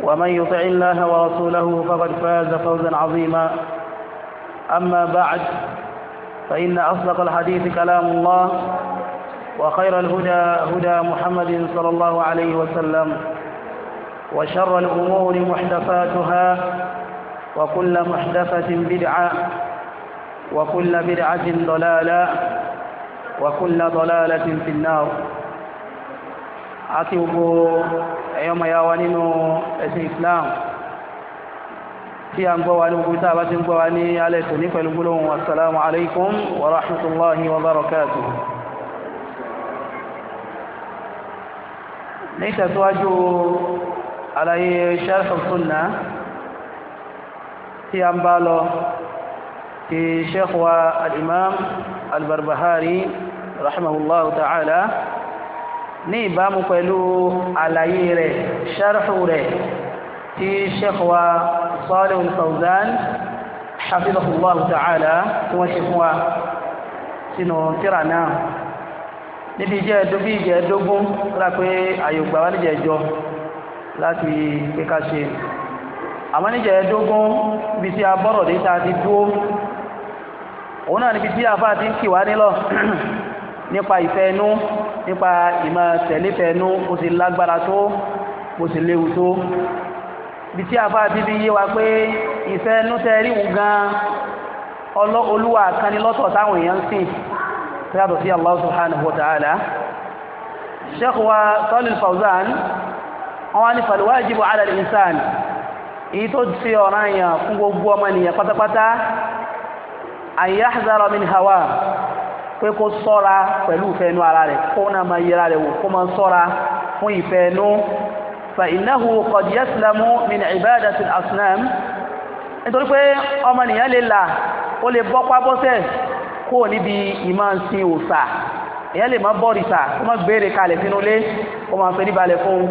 ومن يطع الله ورسوله فقد فاز فوزا عظيما أما بعد فإن أصدق الحديث كلام الله وخير الهدى هدى محمد صلى الله عليه وسلم وشر الأمور محدثاتها وكل محدثة بدعة وكل بدعة ضلالة وكل ضلالة في النار àti gbogbo ẹ̀yọ́ ọmọ ya wa nínú ẹ̀sìn Islam tí a ń gbọ́ wa ní gbogbo tàbá ti ń gbọ́ wa ní alẹ́ tòní pẹ̀lú gbólóhùn assalamu alaikum wa rahmatullahi wa barakatuh ní ìtẹ̀síwájú àlàyé sharh sunnah tí a ń bá lọ ti sheikh wa al-imam al-barbahari rahimahullahu ta'ala ní ìbámu pẹ̀lú àlàyé rẹ̀ ṣarhu rẹ̀ tí sheikh wa Salih al-Fawzan hafizahullah ta'ala tí wọ́n ṣe fún wa sínú tírà náà níbi ìjẹ́ ẹ̀dógún ìjẹ́ ẹ̀dógún rà pé àyògbà wà níjẹ̀ ẹjọ́ láti pé ká ṣe àmọ́ níjẹ̀ ẹ̀dógún bí tí a bọ́rọ̀ dé ta ti dúó òun náà níbi tí àfáà ti ń kì nílọ nípa ìfẹ́ inú nípa ìmọ̀ tẹ̀léfẹ̀ẹ́nú bó ti lágbára tó bó ti léwu tó bí tí àfáà bíbí yé wa pé ìfẹ́ ẹnu tẹ́ ríhun gan olúwa kan ní lọ́tọ̀ táwọn èèyàn ń sìn yàtọ̀ sí Allah subhanahu wa ta'ala Sheikh wa Salih Fawzan wọ́n wá ní falwajibu ala min hawa pé kó sọ́ra pẹ̀lú ìfẹ́nu ara rẹ̀ kó náà máa yẹra rẹ̀ wò kó máa sọ́ra fún ìfẹ́nu fa innahu qad yaslamu min ibadati al-asnam nítorí pé ọmọnìyàn lè là ó lè bọ́ pábọ́sẹ̀ kó níbi ìmọ̀-nsìn òòsà èyàn lè má bọ́rìṣà kó má gbére kalẹ̀ sínú ilé kó máa fẹ́ níbalẹ̀ fún un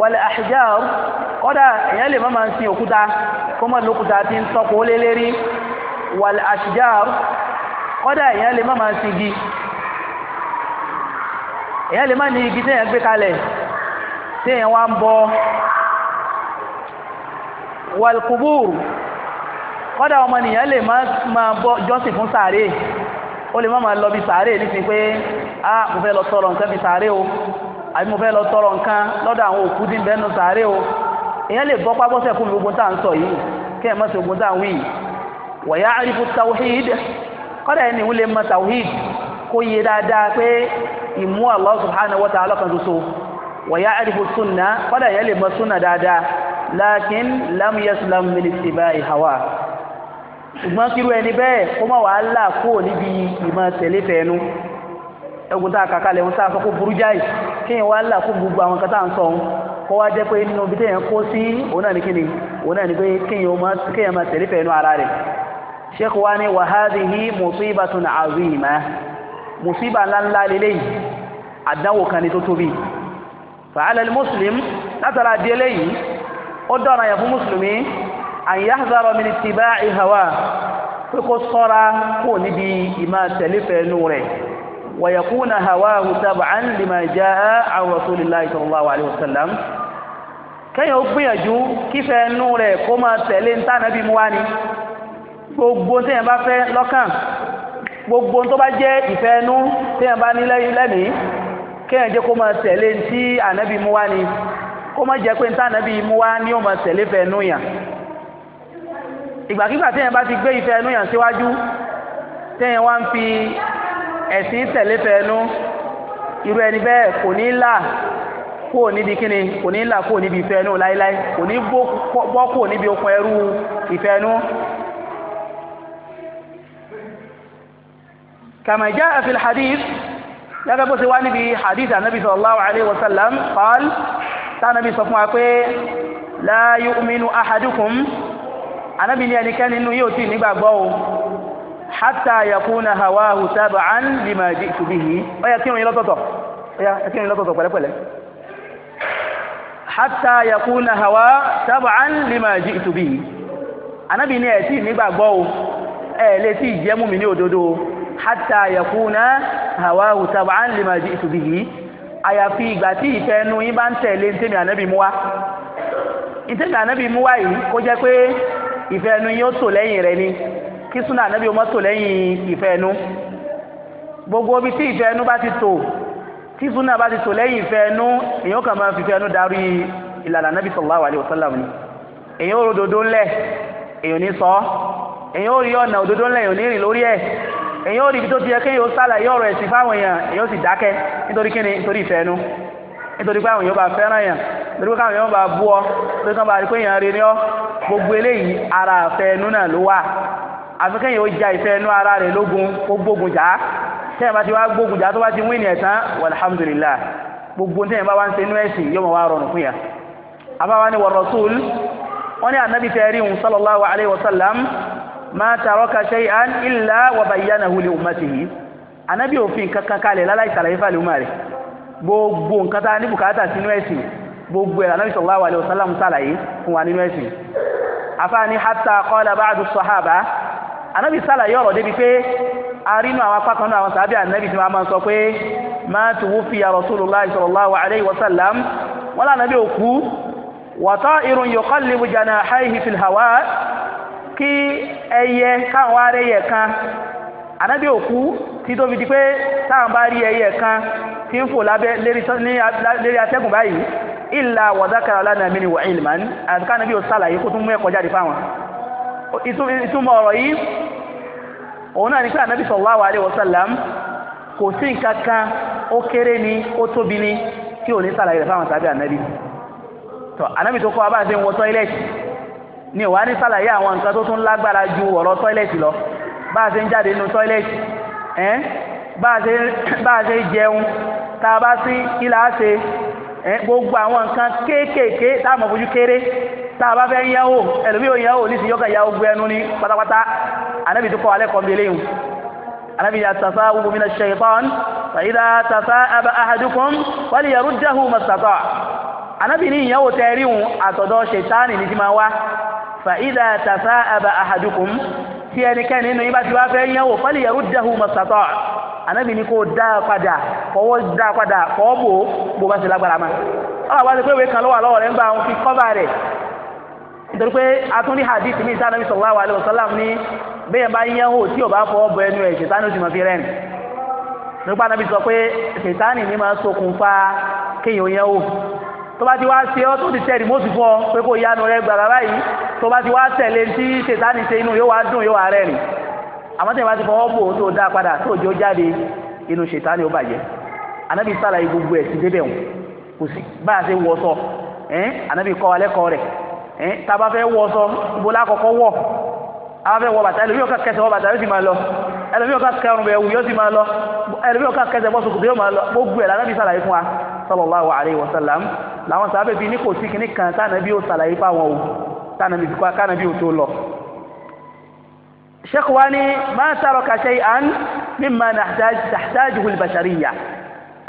wal kọ́dà èyàn lè má máa ń sin òkúta kó má lókúta tí ń tọ́kọ̀ lé lérí wal ashjar kọ́dà èèyàn lè má máa sin igi èèyàn lè má ní igi téèyàn gbé kalẹ̀ téèyàn wá ń bọ wàlkùbùr kọ́dà ọmọnìyàn lè má máa bọ jọ́sìn fún sàárè ó lè má máa lọ bí sàárè nísìnyí pé a mo fẹ́ lọ tọrọ nǹkan bí sàárè o àbí mo fẹ́ lọ tọrọ nǹkan lọ́dọ̀ àwọn òkú tí bẹ́ẹ̀ nù sàárè o èèyàn lè bọ́ pábọ́sẹ̀ fún mi gbogbo tá à ń sọ yìí kí ẹ̀ má ṣe gbogbo tá à ń wí yìí wọ̀yá àrífù tawhid kọ́dà ẹni ìwúlẹ̀ mọ tawhid kó yé dáadáa pé ìmú Allah subhanahu wa ta'ala kan ṣoṣo wọ̀yá àdìbò sunna kọ́dà yẹn lè mọ sunna dáadáa lakin lam yaslam min ittiba'i hawa ṣùgbọ́n kírú ẹni bẹ́ẹ̀ kó má wàá là kó níbi ìmọ̀ tẹ̀lé fẹ́ẹ́nu ẹgùn tá a kàkà lẹ́hún tá a sọ kó burú jáì kéèyàn wá là kó gbogbo àwọn kan tá à ń sọ kó wá jẹ́ pé nínú bí téèyàn kó sí òun náà ní kíni òun náà ní pé kéèyàn máa tẹ̀lé fẹ́ẹ́nu ara rẹ̀ sheikh wa ni wa hadhihi musibatun azima musiba ńláńlá lélẹ́yìn àdánwò kan ni tó tóbi fàálẹ̀ muslim látara di eléyìí ó dọ̀rọ̀ yẹn fún mùsùlùmí an yahzara min ittiba'i hawa pé kó sọ́ra kó níbi ìmọ̀ tẹ̀lifẹ̀ nù rẹ̀ wa yakuna hawahu tab'an lima jaa an rasulillahi sallallahu alayhi wa sallam kẹ́yìn ó gbìyànjú kífẹ́ nù rẹ̀ kó máa tẹ̀lé ntánàbí mu wá ni gbogbo téèyàn bá fẹ́ lọ́kàn gbogbo tó bá jẹ́ ìfẹ́ ẹnu téèyàn bá ní lẹ́mìí kéèyàn jẹ́ kó máa tẹ̀lé tí ànábì mú wá ni kó má jẹ́ pé ní tànábì mú wá ni ó máa tẹ̀lé fẹ́ ẹnu yàn ìgbàkigbà téèyàn bá ti gbé ìfẹ́ ẹnu yàn síwájú téèyàn wá ń fi ẹ̀sìn tẹ̀lé fẹ́ ẹnu irú ẹni bẹ́ẹ̀ kò ní là kúò níbi kíni kò ní là kúò níbi ìfẹ́ ẹnu láéláé kò ní bọ́ kúò níbi okùn ẹrú ìfẹ́ ẹnu كما جاء في الحديث لقد بسواني في حديث النبي صلى الله عليه وسلم قال كان النبي صلى الله عليه وسلم لا يؤمن أحدكم anabi ni ẹnikẹ́ni inú yóò tí nígbàgbọ́ o hátà yakuna hawahu taba'an lima ji'tu bihi ọya kírun yín lọ́tọ̀ọ̀tọ̀ ọya kírun yín lọ́tọ̀ọ̀tọ̀ pẹ̀lẹ́pẹ̀lẹ́ hátà yakuna hawa taba'an lima ji'tu bihi anabi ni ẹ̀ tí nígbàgbọ́ o ẹ̀ lè tí ìjẹ́mú mi ní òdodo o hatta yakuna hawahu tab'an lima ji'tu bihi àyàfi ìgbà tí ìfẹ́ ẹnu yín bá ń tẹ̀lé ntẹ́mi ànábì mú wá ntẹ́mi ànábì mú wá yìí kó jẹ́ pé ìfẹ́ ẹnu yín ó tò lẹ́yìn rẹ̀ ni kí súnà ànábì ó mọ́ tò lẹ́yìn ìfẹ́ ẹnu gbogbo ibi tí ìfẹ́ ẹnu bá ti tò tí súnà bá ti tò lẹ́yìn ìfẹ́ ẹnu èyàn kàn máa fi ìfẹ́ ẹnu darí ìlànà ànábì sallallahu alaihi wasallam ni èyàn ò ròdòdó ńlẹ̀ èyàn ò sọ èyàn ò rí ọ̀nà òdòdó ńlẹ̀ èyàn ò rìn lórí ẹ̀ èyàn ò rí ibi tó ti yẹ kéèyàn ó sálàyé ọ̀rọ̀ ẹ̀sìn fáwọn èèyàn èyàn ó sì dákẹ́ nítorí kíni nítorí ìfẹ́ ẹnu nítorí pé àwọn èèyàn bá fẹ́ràn èèyàn nítorí pé ọ nítorí kan bá rí rí ọ gbogbo eléyìí ara ìfẹ́ ẹnu náà ló wà àfi kéèyàn ó ja ìfẹ́ ẹnu ara rẹ̀ lógun ó gbógun jà á tẹ́yìn bá ti wá gbógun jà tó bá ti wí ní ẹ̀tàn walhamdulillah gbogbo tẹ́yìn ma taraka shay'an illa wa bayyanahu li ummatihi anabi òfin kankan kalẹ̀ láláì sàlàyé fàlẹ̀ umar rẹ̀ gbogbo nǹkan tá a ní bùkátà sínú ẹ̀sìn gbogbo ẹ̀ anabi sallallahu alaihi wasallam sàlàyé fún wa nínú ẹ̀sìn afaani hatta qala ba'du sahaba anabi sàlàyé ọ̀rọ̀ débi pé arínú àwọn apá kan náà àwọn sàbí anabi ti máa sọ pé ma tuwfiya rasulullah sallallahu alaihi wasallam wala anabi òkú wa ta'irun yuqallibu janahayhi fil hawa kí ẹyẹ káwọn wá rẹyẹ kan ànábì òkú tí tó fi di pé táwọn bá rí ẹyẹ kan tí ń fò lábẹ́ lérí atẹ́gùn báyìí ìlà wàdákàrà lánàá mi ni wà ìlmán àti kánábì ó sàlàyé kó tún mú ẹ̀kọ́ jáde fáwọn ìtumọ̀ ọ̀rọ̀ yìí òun náà ni pé ànábì sallallahu alaihi wasallam kò sí nǹkan kan ó kéré ni ó tóbi ni tí ò ní sàlàyé rẹ̀ fáwọn tàbí ànábì tó ànábì tó kọ́ abáǹdé ń wọ tọ́ílẹ̀tì ni wàá ní sàlàyé àwọn nǹkan tó tún lágbára ju ọ̀rọ̀ tọ́ílẹ̀tì lọ bá a ṣe ń jáde nínú tọ́ílẹ̀tì ẹ́n bá a ṣe jẹun tá a bá sí kí là á ṣe ẹ́n gbogbo àwọn nǹkan kéékèèké tá a mọ̀ fojú kéré tá a bá fẹ́ yẹ̀wò ẹlòmíì ò yẹ̀wò ní ti yọkàn yà ogun ẹnu ní pátápátá ànábì tó kọ́ alẹ́ kọ́ mbẹ́lẹ́ yìí ànábì yà tàfà wúwo mi náà ṣẹ̀yìntàn fàyídà tàfà àbá àhàdùkùn wálé yàrá dáhùn mọ̀sàtọ̀ ànábì ní ìyẹ̀wò tẹ́ẹ̀rí ti máa wá fàídà tàfà àbà àhàdùkùn tí ẹnikẹ́ni nínú yín bá ti wá fẹ́ yánwò fọ́lì yẹ̀rú dẹ̀hù mọ̀sátọ̀ ànábì ní kó dá padà fọwọ́ dá padà fọwọ́ bò bó bá ti lágbára ma ọlọ́wọ́ bá ti pé ìwé kan lọ́wọ́ lọ́wọ́ rẹ̀ ń bá wọn fi kọ́bà rẹ̀ nítorí pé atúndí hadith mi sáà nàbì sallallahu alaihi wasallam ní bẹ́ẹ̀ bá yánwò tí ò bá fọwọ́ bọ ẹnu ẹ̀ ṣètánì ó mọ̀ fi tó bá ti wá ṣe ọ́ tó ti tẹ̀rí mọ́tò fún ọ pé yánu rẹ gbàgbà báyìí tó bá ti wá tẹ̀lé tí ṣètánì ṣe inú yóò wá dùn yóò wá rẹ́rìn àmọ́ tẹ̀yìn bá ti fọwọ́ bò tó dá padà tó jó jáde inú ṣètánì ó bàjẹ́ anábì gbogbo ẹ̀ sí wọ sọ wọ sọ wọ bàtà lọ kẹrùn bẹ̀ yóò sì máa lọ kẹsẹ̀ sallallahu alayhi wa sallam làwọn sábẹ́ bíi ní kò sí kìíní kan tánàbí ó sàlàyé fáwọn o tánàbí fi kánàbí ó tó lọ. sheikh wa ni ma taraka shay'an mimma tahtajuhu al-bashariyya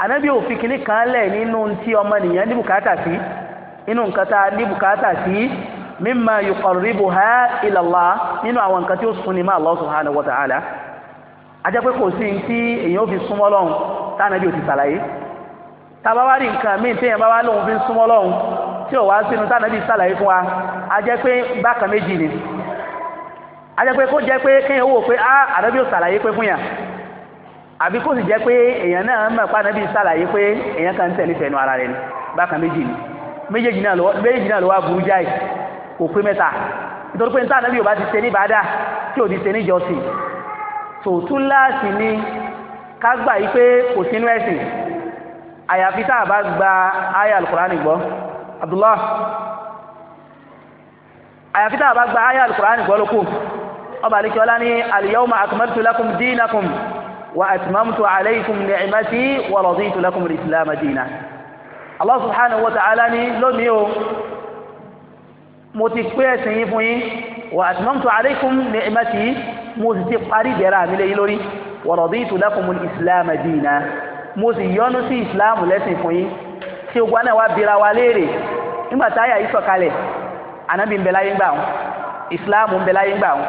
ànábì ò fi kìíní kan lẹ̀ nínú tí ọmọnìyàn ní bùkátà sí inú nǹkan tá a ní bùkátà sí mimma yuqarribuha ila Allah nínú àwọn nǹkan tí ó sunni mọ́ Allah subhanahu wa ta'ala ajẹ́ pé kò sí ní tí èèyàn ó fi súnmọ́ lọ́hùn tánàbí ò ti sàlàyé tàbá wá rí nǹkan míì téèyàn bá wá lóun fi ń súnmọ́ lọ́hùn tí ò wá sínú tánàbí sàlàyé fún wa a jẹ́ pé bákan méjì ni a jẹ́ pé kó jẹ́ pé kéèyàn wò pé ah ànábì ò sàlàyé pé fún yàn àbí kó sì jẹ́ pé èèyàn náà mọ̀ pé ànábì sàlàyé pé èèyàn kan tẹ̀lé fẹ̀nu ara rẹ̀ ni bákan méjì ni méjèèjì náà lọ méjèèjì náà lọ wá burú jáì kò pé mẹ́ta nítorí pé níta ànábì ò bá ti ṣe ní ìbádà tí ò ti ṣe ní ìjọsìn tòótú ni ká gbà yí pé kò sínú ẹ̀sìn àyàfi tá a bá gba àyà alukurani gbọ́ abdullah àyàfi tá a bá gba àyà alukurani gbọ́ ló kù ọba alikiola ni aliyahuma akumartu lakum diinakum wa atmamtu alaykum ni'imati wa raditu lakum al-islam diina allah subhanahu wa ta'ala ni lónìí o mo ti pé ẹ̀sìn yín fún yín wa atmamtu alaykum ni'imati mo ti parí ìdẹ̀ra mi lórí wa raditu lakum al-islam mo sì yọ́nú sí ìsìláàmù lẹ́sìn fún yín tí ogun náà wá bira wa léèrè nígbà tá àyà yìí sọ̀kalẹ̀ ànábì ń bẹ láyé gbà wọn ìsìláàmù ń bẹ láyé gbà wọn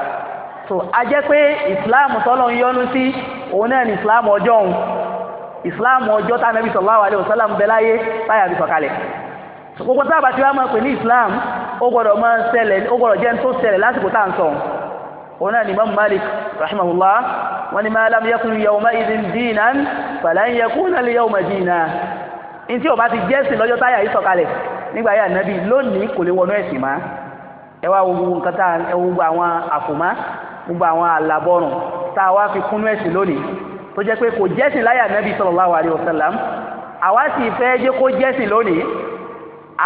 so a jẹ́ pé ìsìláàmù tọ́lọ́ ń yọ́nú sí òun náà ní ìsìláàmù ọjọ́ òun ìsìláàmù ọjọ́ tá ànábì sallallahu alaihi wasallam bẹ láyé táyà bí sọ̀kalẹ̀ gbogbo tábà tí wàá máa pè ní هنا ni مالك رحمه الله wani لم يكن yakun yawma idhin dinan falan yakuna li yawma dina in tí ó bá ti jẹ́sìn lọ́jọ́ táyà yìí sọ̀kalẹ̀ nígbà yà nábì lónìí kò lè wọnú ẹ̀sìn má ẹ wá gbogbo nǹkan tá ẹ gbogbo àwọn àfòmá gbogbo àwọn àlàbọ̀rùn tá a wá fi kúnú ẹ̀sìn lónìí tó jẹ́ pé kò jẹ́sìn láyà nábì sallallahu alaihi wasallam àwa sì fẹ́ jẹ́ kó jẹ́sìn lónìí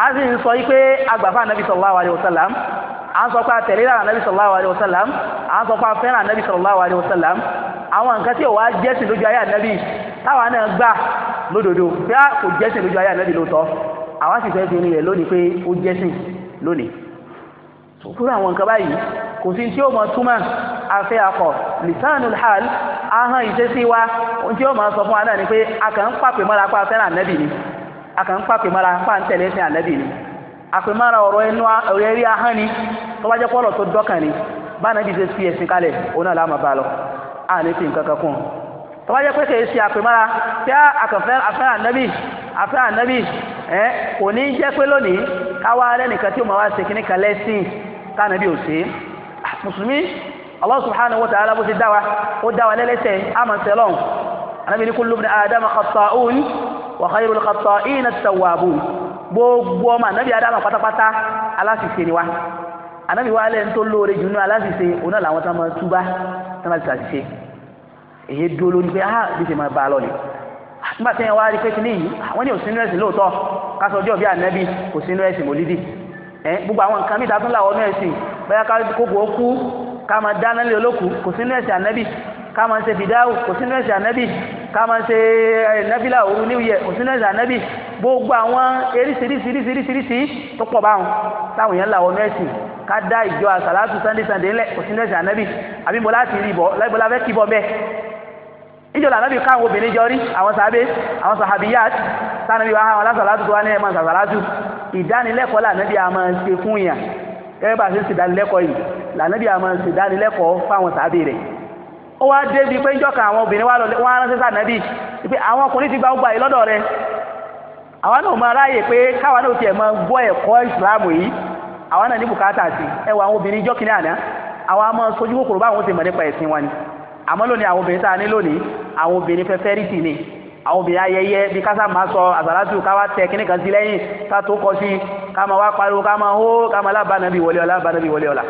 àá sì ń sọ yí pé sallallahu alaihi wasallam A ń sọ pé àtẹ̀lé lára nàbí sallallahu alaihi wasallam a ń sọ pé àfẹ́ràn nàbí sallallahu alaihi wasallam àwọn nǹkan tí ò wá jẹ́sìn lójú ayé ànábì táwa náà gbà lódodo pé a kò jẹ́sìn lójú ayé ànábì lóòótọ́ àwa sì fẹ́ fi orin rẹ̀ lónìí pé ó jẹ́sìn lónìí fúnra àwọn nǹkan báyìí kò sí tí ó mọ túmọ̀ afẹ́ akọ̀ lisanul hal ahọ́n ìṣesí wa ohun tí ó mọ sọ fún wa náà ni pé a kàn ń pàpè mọ́ra pa fẹ́ràn ànábì ni a kàn ń pàpè mọ́ra pa ń tẹ̀lé fẹ́ ànábì ni àpèmára ọ̀rọ̀ ẹnu ọ̀rọ̀ ẹrí ahọ́n ni tó bá jẹ́ pọ́lọ̀ tó dọ́kàn ni bá nàbí ṣe fi ẹ̀sìn kalẹ̀ òun náà láàmà bá lọ á ní fi nǹkan kan kún un tó bá jẹ́ pé kèé ṣe àpèmára tí àkànfẹ́ àfẹ́ ànábì àfẹ́ ànábì ẹ̀ kò ní jẹ́ pé lónìí káwá lẹ́nìkan tí ó máa wá ṣe kíní lẹ́sìn tánàbí ò ṣe mùsùlùmí Allah subhanahu wa ta'ala bó dá wa ó dá wa lẹ́lẹ́sẹ̀ àmọ́ sẹ́lọ̀n ànábì ní kullu ibn adama khata'un wa khayrul khata'ina at-tawwabun gbogbo ọmọ ànábì adama pátápátá aláṣìṣe ni wa ànábì wa lẹ́yìn tó lóore jù nínú aláṣìṣe òun náà làwọn tó máa túbá tó máa ṣàṣìṣe èyí dúró lórí pé ah bí ṣe máa bá a lọ ni ah, nígbà tí wọn wá rí pé kí ni yìí àwọn ah, ní òsínú ẹ̀sìn lóòótọ́ kásọ ọjọ́ bí ànábì òsínú ẹ̀sìn mòlídì ẹ gbogbo àwọn nǹkan mìíràn tó ń là wọnú ẹ̀sìn bóyá kókò ó kú ká máa dáná lé olókùú kò sínú ẹ̀sìn ànábì ká máa ṣe fìdáwù kò sínú ẹ̀sìn ànábì ká máa ṣe náfìlà òru new year kò sínú ẹ̀sìn ànábì gbogbo àwọn eríṣiríṣiríṣiríṣi tó pọ̀ báwọn táwọn èèyàn làwọn mẹ́sìn ká dá ìjọ àsàlátù sunday sunday ńlẹ̀ kò sínú ẹ̀sìn ànábì àbí mo láti rí ibọ̀ láìpẹ́ la fẹ́ kí ibọ̀ bẹ́ẹ̀ níjọ́ lànàbì káwọn obìnrin jọ rí àwọn sàábé àwọn sàhàbíyàt sànàbì wàhálà àwọn alásàlátù tó wá ní ẹ̀mọ́ àsàlátù ìdánilẹ́kọ̀ọ́ lànàbì àmọ́ ṣe fún yàn gẹ́gẹ́ bá a ṣe ń ṣèdánilẹ́kọ̀ọ́ yìí lànàbì àmọ́ ṣèdánilẹ́kọ̀ọ́ fáwọn sàábé rẹ̀ ó wá dé bíi pé njọ́ka àwọn obìnrin wá lọlé wọ́n á ránṣẹ́ sànẹ́bí pé àwọn ọkùnrin ti gba ọgbà yìí lọ́dọ̀ rẹ àwa náà máa ráàyè pé káwa náà tiẹ̀ máa gbọ́ ẹ̀kọ́ ìsìlámù yìí àwa náà ní bùkátà sí ẹ wọ àwọn obìnrin njọ́kì ní àná àwa máa sojú kòkòrò báwọn ti mọ̀ nípa ẹ̀sìn wọn ni àmọ́ lónìí àwọn obìnrin tá a ní lónìí àwọn obìnrin fẹ́fẹ́ rí tì ní àwọn obìnrin ayẹyẹ bí kásá máa sọ àsàlátù káwá tẹ kíní kan sí lẹ́yìn ká tó kọ sí ká máa wá pariwo ká máa hó ká máa lábàánà bí wọlé ọlá bàánà bí wọlé ọlá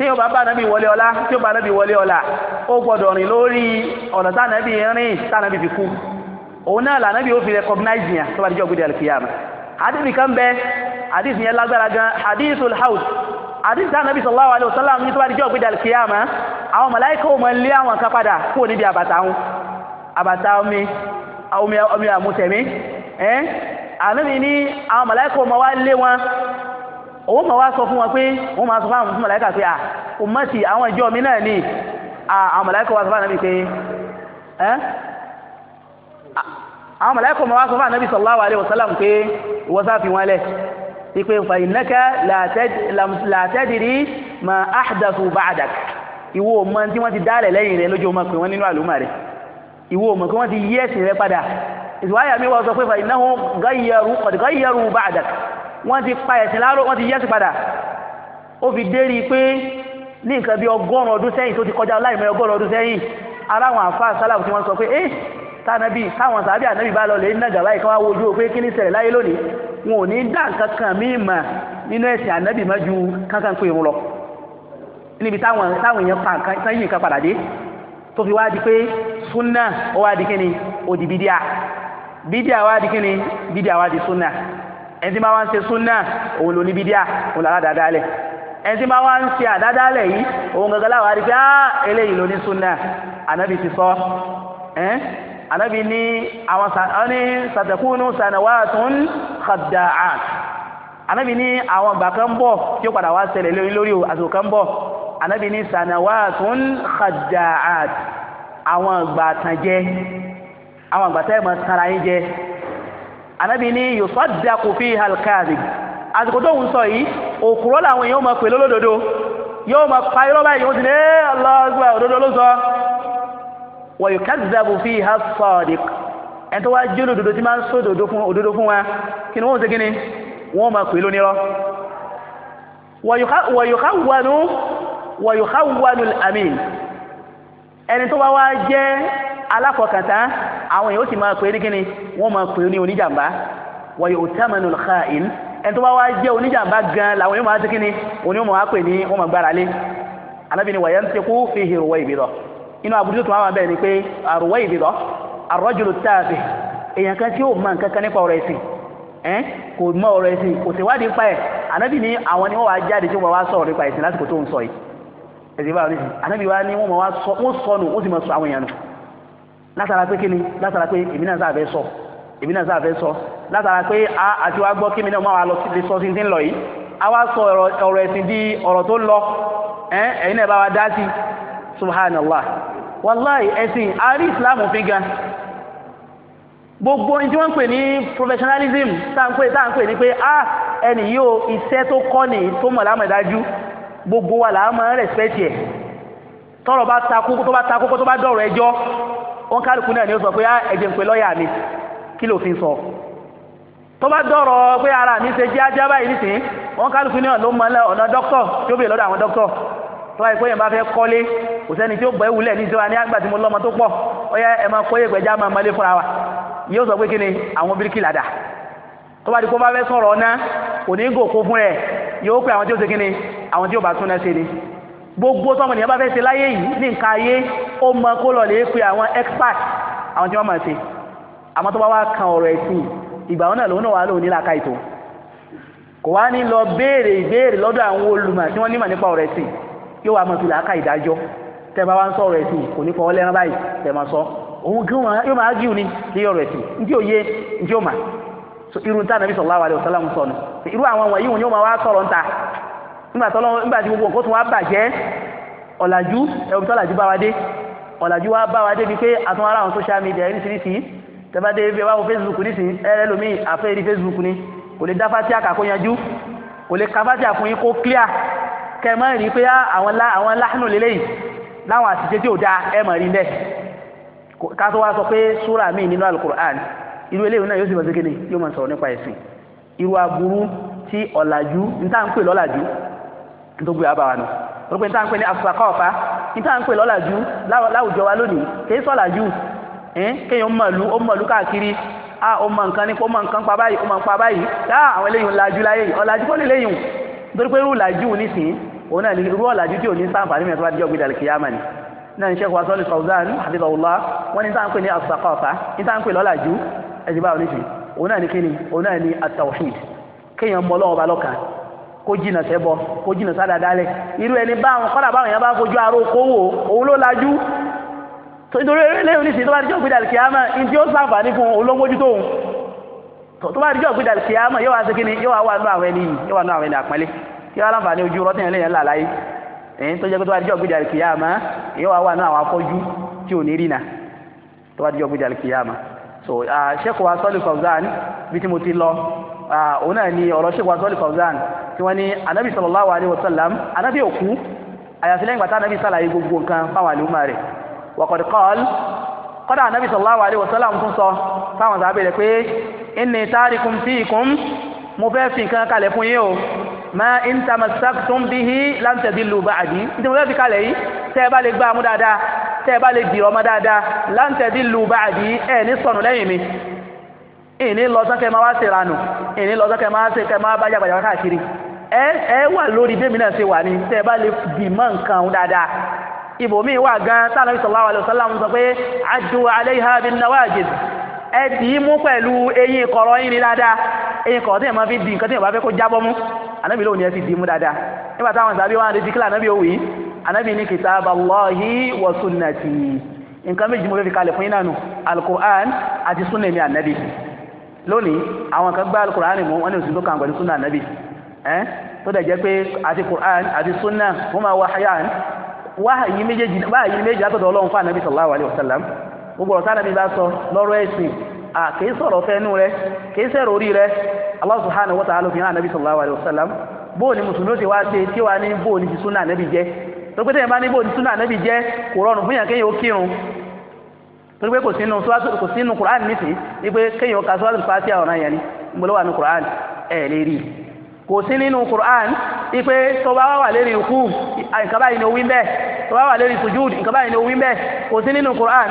tí yóò bá bá anabi wọlé ọlá tí yóò bá anabi wọlé ọlá ó gbọ́dọ̀ rìn lórí ọ̀nà tá anabi rìn tá anabi fi kú òun náà lànàbí ó fi recognize yẹn tó bá dijọ́ gbé dàlùkì yàrá hadithi kan bẹ hadithi yẹn lágbára gan hadithul haud hadithi anabi sallallahu alayhi wa sallam ní tó bá dijọ́ gbé dàlùkì yàrá àwọn màláíkà ò mọ lé àwọn kan padà kó níbi àbàtà wọn àbàtà omi omi àmútẹ̀mí ẹ̀ anabi ní àwọn màláíkà ò mọ wá lé wọn òun máa wá sọ fún wọn pé òun máa sọ fún àwọn mọ̀láìkà pé à kò mọ̀ sí àwọn ìjọ mi náà ni àwọn mọ̀láìkà wá sọ fún ànábì pé ẹ́ àwọn mọ̀láìkà máa wá sọ fún ànábì sallallahu alaihi wasallam pé ìwọ sáà fi wọn lẹ̀ ipe nfa ìnáka làtẹ́dìrí ma ahdathu ba'dak ìwọ mọ̀ tí wọ́n ti dálẹ̀ lẹ́yìn rẹ̀ lójú ọmọ pé wọ́n nínú àlùmọ̀ rẹ̀ ìwọ mọ̀ kí wọ́n ti yí ẹ̀sìn rẹ̀ padà ìwáyà mi wọ́n sọ pé fa innahum ghayyaru wọ́n ti pa ẹ̀sìn láró wọ́n ti yẹ́sì padà ó fi dérí pé ní nǹkan bí ọgọ́rùn ọdún sẹ́yìn tó ti kọjá láìmọ̀ ọgọ́rùn ọdún sẹ́yìn ara àwọn àfáà sálàbù tí wọ́n sọ pé eh tánàbí táwọn sàbí ànábì bá lọlẹ̀ iná gàbá ìkan wá wojú pé kí ní ṣẹlẹ̀ láyé lónìí wọn ò ní dá nǹkan kan míì mà nínú ẹ̀sìn ànábì má ju kankan pé òun lọ níbi táwọn táwọn èèyàn pa nǹkan sẹ́yìn nǹkan padà dé tó fi wá di pé súnà ó wá di kíni ó di bídíà bídíà wá di kíni bídíà wá di súnà ẹni tí máa wá ń ṣe súnà òun ló ní bídíà òun làrá dáadáa lẹ̀ ẹni tí máa wá ń ṣe àdáadáa lẹ̀ yìí òun gangan láwàá rí pé á eléyìí ló ní súnà ànábì ti sọ ẹ́n ànábì ní àwọn ní sàtẹ̀kùnú sanawatun khadda'at ànábì ní àwọn ìgbà tí ó padà wá ṣẹlẹ̀ lórí lórí àsìkò kan bọ̀ ànábì ní sanawatun àwọn ìgbà àwọn ìgbà tẹ́ mọ̀ sára anabi ni yusaddaqu fiha al-kadhib àsìkò tó ń sọ yìí òkúrọ́ làwọn èèyàn máa pè lólódodo yóò máa pa irọ́ báyìí wọ́n ti ní eh, Allahu akbar òdodo ló sọ wa yukazzabu fiha as-sadiq ẹni tó wá jẹ́ olódodo tí máa ń sọ òdodo fún wa kí ni wọ́n ṣe kí ni wọ́n máa pè lónírọ́ wa yukhawwanu wa yukhawwanu al-amin ẹni tó wá wá jẹ́ aláfọkàntán àwọn èèyàn ó sì máa pè é ní kíni wọ́n máa pè é ní oníjàmbá wọ́n yóò tẹ́mẹ̀nù káàín ẹni tó bá wá jẹ́ oníjàmbá gan làwọn èèyàn máa ti kíni òní wọ́n máa pè ní wọ́n máa gbára lé alábìíní wàyẹ̀ ń ti kú fi hì rọ̀wọ́ ìbí lọ inú àbújá tó máa bẹ̀rẹ̀ ni pé àrùwọ́ ìbí lọ àrọ́jùlù táàbì èèyàn kan tí ó mọ nǹkan nípa ọ̀rọ̀ ẹ̀sìn ẹ́n kò mọ ọ̀rọ̀ ẹ̀sìn kò sì wádìí pa ẹ̀ ànábì ní àwọn ni wọ́n wá jáde tí wọ́n wá sọ̀rọ̀ nípa ẹ̀sìn lásìkò tó ń sọ yìí ẹ̀sìn báwọn ní sìn ànábì wá ní wọ́n sọnù ó sì mọ àwọn èèyàn nù látara pé kíni látara pé èmi náà sáà fẹ́ sọ èmi náà sáà fẹ́ sọ látara pé a àti wá gbọ́ kí mi náà máa wà lọ sí sọ sí ti ń lọ yìí a wá sọ ọ̀rọ̀ ẹ̀sìn di ọ̀rọ̀ tó ń lọ ẹ̀yin náà bá wa dá sí subhanallah wàláì ẹ̀sìn a rí ìsìláàmù fi gan gbogbo ní tí wọ́n ń pè ní professionalism tá à ń pè ní pé a ẹnì yìí o iṣẹ́ tó kọ́ nìyí tó mọ̀ lámọ̀dájú gbogbo wa làá máa ń respect yẹ tọ́rọ̀ bá takú tó wọn kálukú náà ni ó sọ pé ah, ẹjẹ ń pe lọ́ọ̀yà mi kí ló fi sọ tó bá dọ̀rọ̀ pé ara mi ṣe jẹ́ ajá báyìí nìsín wọn kálukú náà ló mọ ọ̀nà dókítọ̀ tí ó bèè lọ́dọ̀ àwọn dókítọ̀ tó báyìí pé yẹn bá fẹ́ kọ́lé kò sẹ́ni tí ó bọ̀ ẹ́wùlẹ̀ ní ìjọba ní àgbà tí mo lọ́mọ tó pọ̀ ó yẹ ẹ máa kóyè gbẹ̀já máa mọ́lé fúnra wa yóò sọ pé kí àwọn bíríkì làdà tó bá di kó bá fẹ́ sọ̀rọ̀ ọ̀nà kò ní gòkó fún rẹ̀ yóò pé àwọn tí ó ṣe kí àwọn tí ó bá túnná ṣe ni gbogbo tọ́mọ nìyẹn bá fẹ́ ṣe láyé yìí ní nǹkan ayé ó mọ kó lọ lè pe àwọn expert àwọn tí wọ́n máa ṣe àmọ́ tó bá wá kan ọ̀rọ̀ ẹ̀sìn ìgbà wọn náà lòun náà wà lóun nílà ètò kò wá ní lọ béèrè ìbéèrè lọ́dọ̀ àwọn olùmọ̀ tí wọ́n nímọ̀ nípa ọ̀rọ̀ ẹ̀sìn yóò wá mọ̀ sí ìdájọ́ bá wá ń sọ ọ̀rọ̀ ẹ̀sìn kò ní báyìí sọ òun yóò máa ní ọ̀rọ̀ ẹ̀sìn mà nàbí nígbà tí gbogbo nǹkan tún wá bàjẹ́ ọ̀làjú ẹ̀rù tó làjú bá wa dé ọ̀làjú wa bá wa dé bíi pé àtún ara àwọn social media ẹni sírísì tẹ́bàdé bí wàá wo facebook nísìnyí ẹ̀rẹ́ lomi àfẹ́ facebook ni kò lè dá fásitì àkàkọ́ yanjú kò lè ka fásitì àkùnrin kó clear kẹ́ ẹ má rí pé ah, àwọn láhánù lélẹ́yìí láwọn àtijọ́ tí ò dáa ẹ mọ̀ rí bẹ́ẹ̀ ká tó wá sọ pé súrà míì nínú alukur'an irú eléyìí náà yóò sì bọ̀ sí kéde yóò máa sọ̀rọ̀ nípa ẹ̀sìn irú aburú tí ọ̀làjú níta ń pè lọ́làjú tó gbé abàwà nù rúgbẹ́ níta ń pè ní asakọ́ọ̀fà níta ń pè lọ́làjú láwùjọ wa lónìí kìí sọ̀làjú kéèyàn mọ̀lú ó mọ̀lú káàkiri a ó mọ nǹkan nípa ó mọ nǹkan pa báyìí ó mọ nǹkan pa báyìí dáa àwọn eléyìí ńlájú láyé ọ̀làjú kọ́ lélẹ́yìn nítorí pé irú làjú nísìnyí òun náà ní irú ọ̀làjú tí ò ní sáǹfààní mẹ́ta bá dijọ́ gbé dàlẹ́ kìyàmà ni náà ní sẹ́kù asọ́lì Fawzan hafidhahullah wọ́n ní táǹpẹ̀ ní asakọ́ọ̀fà ní táǹpẹ̀ lọ́làjú ẹ̀jẹ̀ báwọn nísìnyí òun náà ní kíni òun náà ní at kéèyàn mọ ọlọ́run ọba lọ́kàn kó jìnà sẹ́bọ kó jìnà sádàdálẹ̀ irú ẹni báwọn kọ́dà báwọn èèyàn bá fojú aró kówó òun ló lajú nítorí eléyìí ní sìn tó bá dijọ́ gbé dàlùkìyàmà ní tí ó sàǹfààní fún olóńgbójú tóun tó bá dijọ́ gbé dàlùkìyàmà yóò wá sékìní yóò wá wà nù àwọn ẹni yóò wà nù àwọn ẹni àpọ́nlé yóò wá láǹfààní ojú rọ́tẹ̀ yẹn lẹ́yìn làlàyé ẹ̀yìn tó jẹ́ pé tó bá dijọ́ gbé dàlùkìyàmà yóò wá wà nù àwọn afọ́jú tí ò ní rìnà tó bá dijọ́ gbé dàlùkìyàmà so sẹ́kù wa sọ́lù Fawzan bí tí mo ti lọ òun náà ni ọ̀rọ̀ ṣe wàtọ́lì fawzan tí wọ́n ní anabi sallallahu alayhi wa sallam anabi òkú àyàfi lẹ́yìn gbàtà anabi sàlàyé gbogbo nǹkan fáwọn àlùmọ́ rẹ̀ waqad qala kọ́dà anabi sallallahu alayhi wa sallam tún sọ fáwọn sàbẹ̀ rẹ̀ pé inni tarikum fiikum mo fẹ́ fi nǹkan kalẹ̀ fún yín o ma in tamassaktum bihi lan tadillu ba'di ní mo fẹ́ fi kalẹ̀ yìí tẹ́ ìní lọ sọ́kẹ́ máa wá sí ìranù ìní lọ sọ́kẹ́ máa sí ìkẹ́ máa bá jàgbàjà káàkiri ẹ ẹ wà lórí bẹ́ẹ̀ mi náà ṣe wà ní tẹ́ ẹ bá lè bì mọ́ nǹkan ọ̀hún dáadáa ibòmíì wà gan sálàmì sallallahu alaihi wasallam sọ pé adu alayha bin nawajid ẹ dì í mú pẹ̀lú eyín kọ̀rọ̀ yín ni dáadáa eyín kọ̀rọ̀ tẹ̀yìn máa fi di nǹkan tẹ̀yìn bá fẹ́ kó jábọ́ mú ànábì lóun ni ẹ fi dì mú dáadáa nígbà táwọn sábẹ́ wọn àti dìkìlà ànábì òwì ànábì ní kitaballahi wa sunnati nǹkan méjì mo fẹ́ fi kalẹ̀ fún yín nánu alukur'an àti sunnah mi ànábì lónìí àwọn kan gbá alukur'ani mú wọn ní oṣù tó kàn pẹ̀lú sunna nabi ẹ́n tó dẹ̀ jẹ́ pé àti kur'an àti sunna wọ́n máa wáhayá wáhayí méjèèjì báyìí méjèèjì látọ̀dọ̀ ọlọ́run fún anabi sallallahu alayhi wa sallam gbogbo ọ̀tá anabi bá sọ lọ́rọ̀ ẹ̀sìn à kìí sọ̀rọ̀ fẹ́nu rẹ kìí sẹ̀rọ̀ orí rẹ Allah subhanahu wa ta'ala fi hàn anabi sallallahu alayhi wa sallam bóò ni mùsùlùmí ó ti wá ṣe tí wàá torí pé kò sínú kò sínú Qur'an nísìnyí wípé kéèyàn ka suratul Fatiha ọ̀ràn yẹn ni gbọ́dọ̀ wà ní Qur'an ẹ̀ lè rí kò sí nínú Qur'an wípé tó bá wà lérí ikú nǹkan báyìí ni ó wí bẹ́ẹ̀ tó bá wà lérí sujud nǹkan báyìí ni ó wí bẹ́ẹ̀ kò sí nínú Qur'an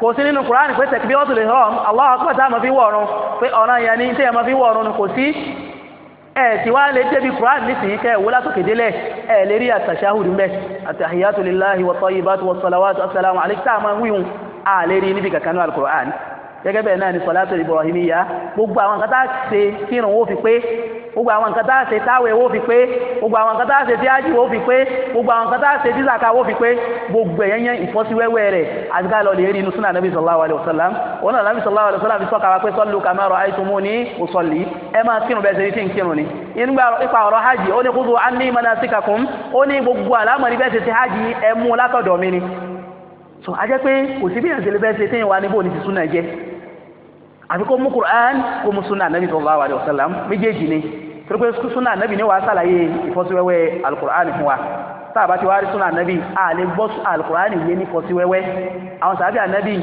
kò sí nínú Qur'an pé takbiratul ihram Allahu akbar tá a ma fi wọ̀ọ̀run pé ọ̀ràn yẹn ni tẹ́yà ma fi wọ̀ọ̀run kò sí ẹ̀ tí wàá lè débi Qur'an nísìnyí kẹ́ ẹ̀ wọ́lá sókè délẹ̀ ẹ̀ lérí àtàṣáhùd mbẹ́ àtàhíyàtò lillahi wa tayyibatu wa salawatu assalamu alaykum a lè rí níbi kankan ní alukur'an gẹ́gẹ́ bẹ́ẹ̀ náà ni sọ̀látò ibrahimiyya gbogbo àwọn nǹkan tá a ṣe kírun ó fi pé gbogbo àwọn nǹkan tá a ṣe táwẹ̀ ó fi pé gbogbo àwọn nǹkan tá a ṣe tí ájì ó fi pé gbogbo àwọn nǹkan tá ṣe tí zaka ó fi pé gbogbo ẹ̀yẹ́ ìfọ́síwẹ́wẹ́ rẹ̀ àti lè rí inú súnà nàbí sallallahu alaihi wasallam òun náà alaihi wasallam fi sọ́ka wa pé sallu kama ra'aytumuni usalli ẹ máa kírun bẹ́ẹ̀ ṣe ni nígbà ipa ọ̀rọ̀ hajj ó ní khudhu anni manasikakum ó ní gbogbo àlámọ̀rí bẹ́ẹ̀ ṣe ti hajj ẹ so a jẹ́ pé kò sí bí èèyàn ṣe lè ṣe tí ìwà níbo ni ti súnà jẹ́ àfi mú Qur'an kó mú súnà nàbì sallallahu alaihi wasallam méjèèjì ni torí pé súnà nàbì ni wàá ṣàlàyé ìfọ́síwẹ́wẹ́ al-Qur'an fún wa tá a bá ti wá rí súnà nàbì a lè gbọ́ al-Qur'an yé ní ìfọ́síwẹ́wẹ́ àwọn sàbí ànàbì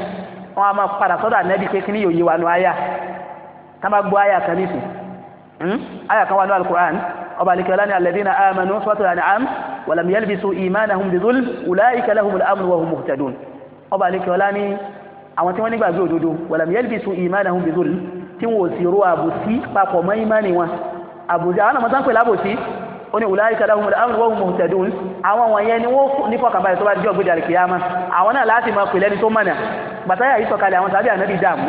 wọn a máa padà sọ́dọ̀ ànàbì pé kí ni yóò yé wa nu tá bá gbọ́ àyà kan nísìnyí Hmm? aya kan wà ní alukur'an ọba alikẹ́lá ni alladhina amanu suratul an'am walam yalbisu imanahum bizulm ulaika lahumul amnu wa hum muhtadun ọba alikẹ́lá ni àwọn tí wọ́n nígbàgbé òdodo walam yalbisu imanahum bizulm tí wọ́n sì rú àbòsí papọ̀ mọ́ ìmánì wọn àbòsí àwọn àmọ́tán pè lábòsí ó ní ulaika lahumul amnu wa hum muhtadun àwọn wọ̀nyẹn ni wọ́n ní fọkànbalẹ̀ tó bá jẹ́ ògbé dàrí kìyàmá àwọn náà láti máa pè lẹ́ni tó mọ̀nà gbàtáyà yìí sọ̀kalẹ̀ àwọn sábẹ́ ànábì dààmú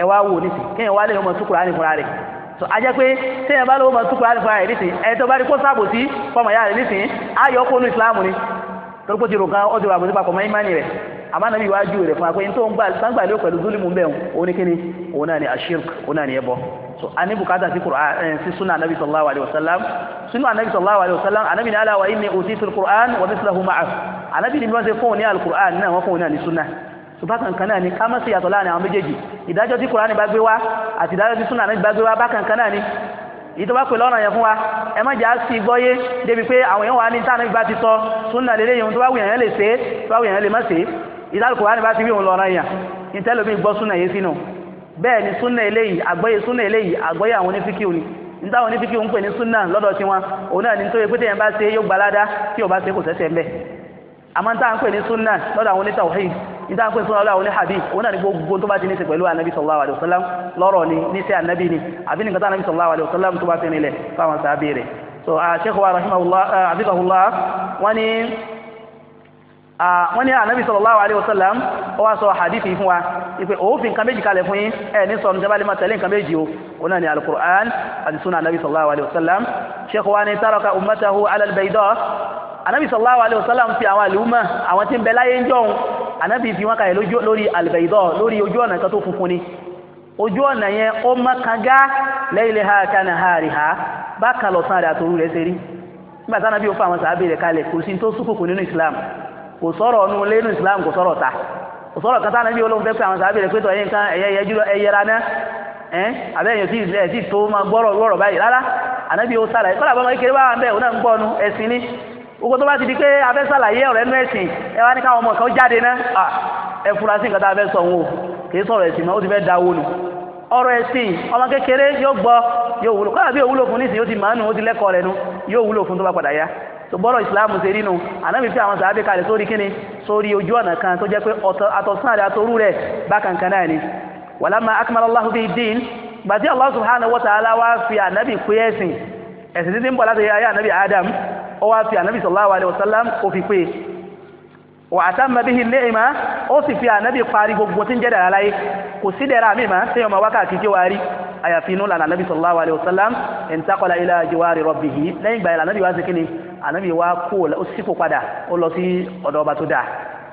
ẹ wá wò nísìn kéèyàn wá lè ọmọ tú kùránì fúnra rẹ̀ so a jẹ́ pé téèyàn bá lọ́wọ́ ọmọ tú kùránì fúnra rẹ̀ nísìn ẹ̀ tó bá rí kó sáàbò sí fọmọ yára rẹ̀ nísìn á yọ kó nu ìsìláàmù ni torí pé ó ti rò gan ó ti rò àbòsí papọ̀ mọ́ ìmánì rẹ̀ àmọ́ nàbí iwájú rẹ̀ fún akpé tó ń gbà sáńgbà lé pẹ̀lú zulimu bẹ́ẹ̀ oníkíní òun náà ni ashirk òun náà ni ẹbọ so a ní bukata sí qur'an sí sunna anabi sallallahu alayhi wa sallam sunu anabi sallallahu alayhi wa sallam anabi ni ala wa inni utitu alquran wa mislahu ma'a anabi ni bí wọ́n ṣe fún òun ní alquran náà wọ́n fún òun náà ní sunna bákan kan náà ni ká má ṣe yàtọ̀ láàrin àwọn méjèèjì ìdájọ́ tí kùránì bá gbé wá àti ìdájọ́ tí súnà náà bá gbé wá bákan kan náà ni èyí tó bá pè lọ́rọ̀ yẹn fún wa ẹ má jẹ́ á sí gbọ́yé débi pé àwọn èèyàn wà ní tánà bí bá ti sọ súnà lélẹ́ yẹn tó bá wùyàn yẹn lè ṣe tó bá wùyàn yẹn lè má ṣe ìdájọ́ kùránì bá ti wí òun lọ́rọ̀ yẹn ìtẹ́lómi gbọ́ súnà yẹn sínú bẹ́ẹ̀ ni súnà eléyìí àgbọ́yé súnà eléyìí àgbọ́yé àwọn onífíkìú ni nta wọn ní fífi pè ní súnà lọ́dọ̀ tiwọn òun náà ní tó yẹ pé téèyàn bá ṣe yóò gbalada tí ò bá ṣe kò sẹ́sẹ̀ ń àmọ́ tá à ń pè ní súnà lọ́dọ̀ àwọn onítà òhìn ní tá à ń pè ní súnà lọ́dọ̀ àwọn oníhàbí òun náà ní gbogbo tó bá ti ní ṣe pẹ̀lú ànábì sallallahu alaihi wasallam lọ́rọ̀ ni so Sheikh wa rahimahullah abidahullah wọ́n ní wọ́n ní ànábì sallallahu alaihi wasallam ó wá sọ hadithi fún wa ipe òfin nǹkan méjì kalẹ̀ fún yín ẹ̀ ní sọ̀rọ̀ níjàmbá lè máa tẹ̀lé nǹkan méjì o òun náà ni alukur'an àti sunnah ànábì sallallahu anabi sallallahu alayhi wa sallam fi àwọn àlùmọ́ àwọn tí bela bẹ láyé ń jọun anabi fi wọn kalẹ̀ lori albaidọ́ lórí ojú ọ̀nà kan tó funfun ni ojú ọ̀nà yẹn ó mọ́kangá lẹ́yìnlẹ́ ha kana ha rí ha bákan lọ́sán àdá torú rẹ̀ ṣe rí nígbà tí anabi o fa àwọn sàábì rẹ̀ kalẹ̀ kò sí tó súnkùnkùn nínú islam kò sọ̀rọ̀ ọ̀nù lé nínú islam kò sọ̀rọ̀ ta kò sọ̀rọ̀ kan tánàbí olóhùn fẹ́ pé àwọn sàábì rẹ̀ pé tọ̀ ẹ̀yẹ nǹkan ẹ̀yẹ ẹ̀yẹra náà ẹ̀ àbẹ́yẹn sí ilẹ̀ sí tó máa gbọ́rọ̀ gbọ́rọ̀ báyìí rárá anabi o sàlàyé kọ́lá bọ́mọ kékeré bá wà ń bẹ̀ òun náà ń gbọ́nu ẹ̀sìn ni gbogbo tó bá ti di pé abẹ́ sàlàyé ọ̀rẹ́ nú ẹ̀sìn ẹ wá ní káwọn ọmọ kan jáde ná ẹ fura sí nǹkan tá a fẹ́ sọ wọn o kìí sọ̀rọ̀ ẹ̀sìn mọ́ ó ti fẹ́ da owó nù ọ̀rọ̀ ẹ̀sìn ọmọ kékeré yóò gbọ́ yóò wúlò kọ́lá bí òwúlò fún nísìnyí ó ti máa nù ó ti lẹ́kọ̀ọ́ rẹ̀ nu yóò wúlò fún tó bá padà yá tó bọ́rọ̀ ìsìláàmù ṣe rí nu ànábì fi àwọn sàábì kalẹ̀ sórí kíni sórí ojú ọ̀nà kan tó jẹ́ pé àtọ̀sán àti àtorú rẹ̀ bákan kan náà ni wàlámà akmal Allahu bíi dín gbàtí Allah subhanahu wa ta'ala wá fi ànábì pé ẹ̀sìn ẹ̀sìn títí ń bọ̀ láti ayé ànábì Adam ó wá fi ànábì sallallahu alaihi wasallam ó fi pé wà á tán mabihi ní ìmá ó sì fi ànábì parí gbogbo tí ń jẹ́ dára láyé kò sí dẹ̀ra mi mà tí ọmọ wákàtí tí wàá rí àyàfi inú lànà ànábì sallallahu alaihi wasallam intaqala ila jiwari rabbihi lẹ́yìn ìgbà yẹn ànábì wá sí kíni ànábì wá kó ó sípò padà ó lọ sí ọ̀dọ̀ ọba tó dáa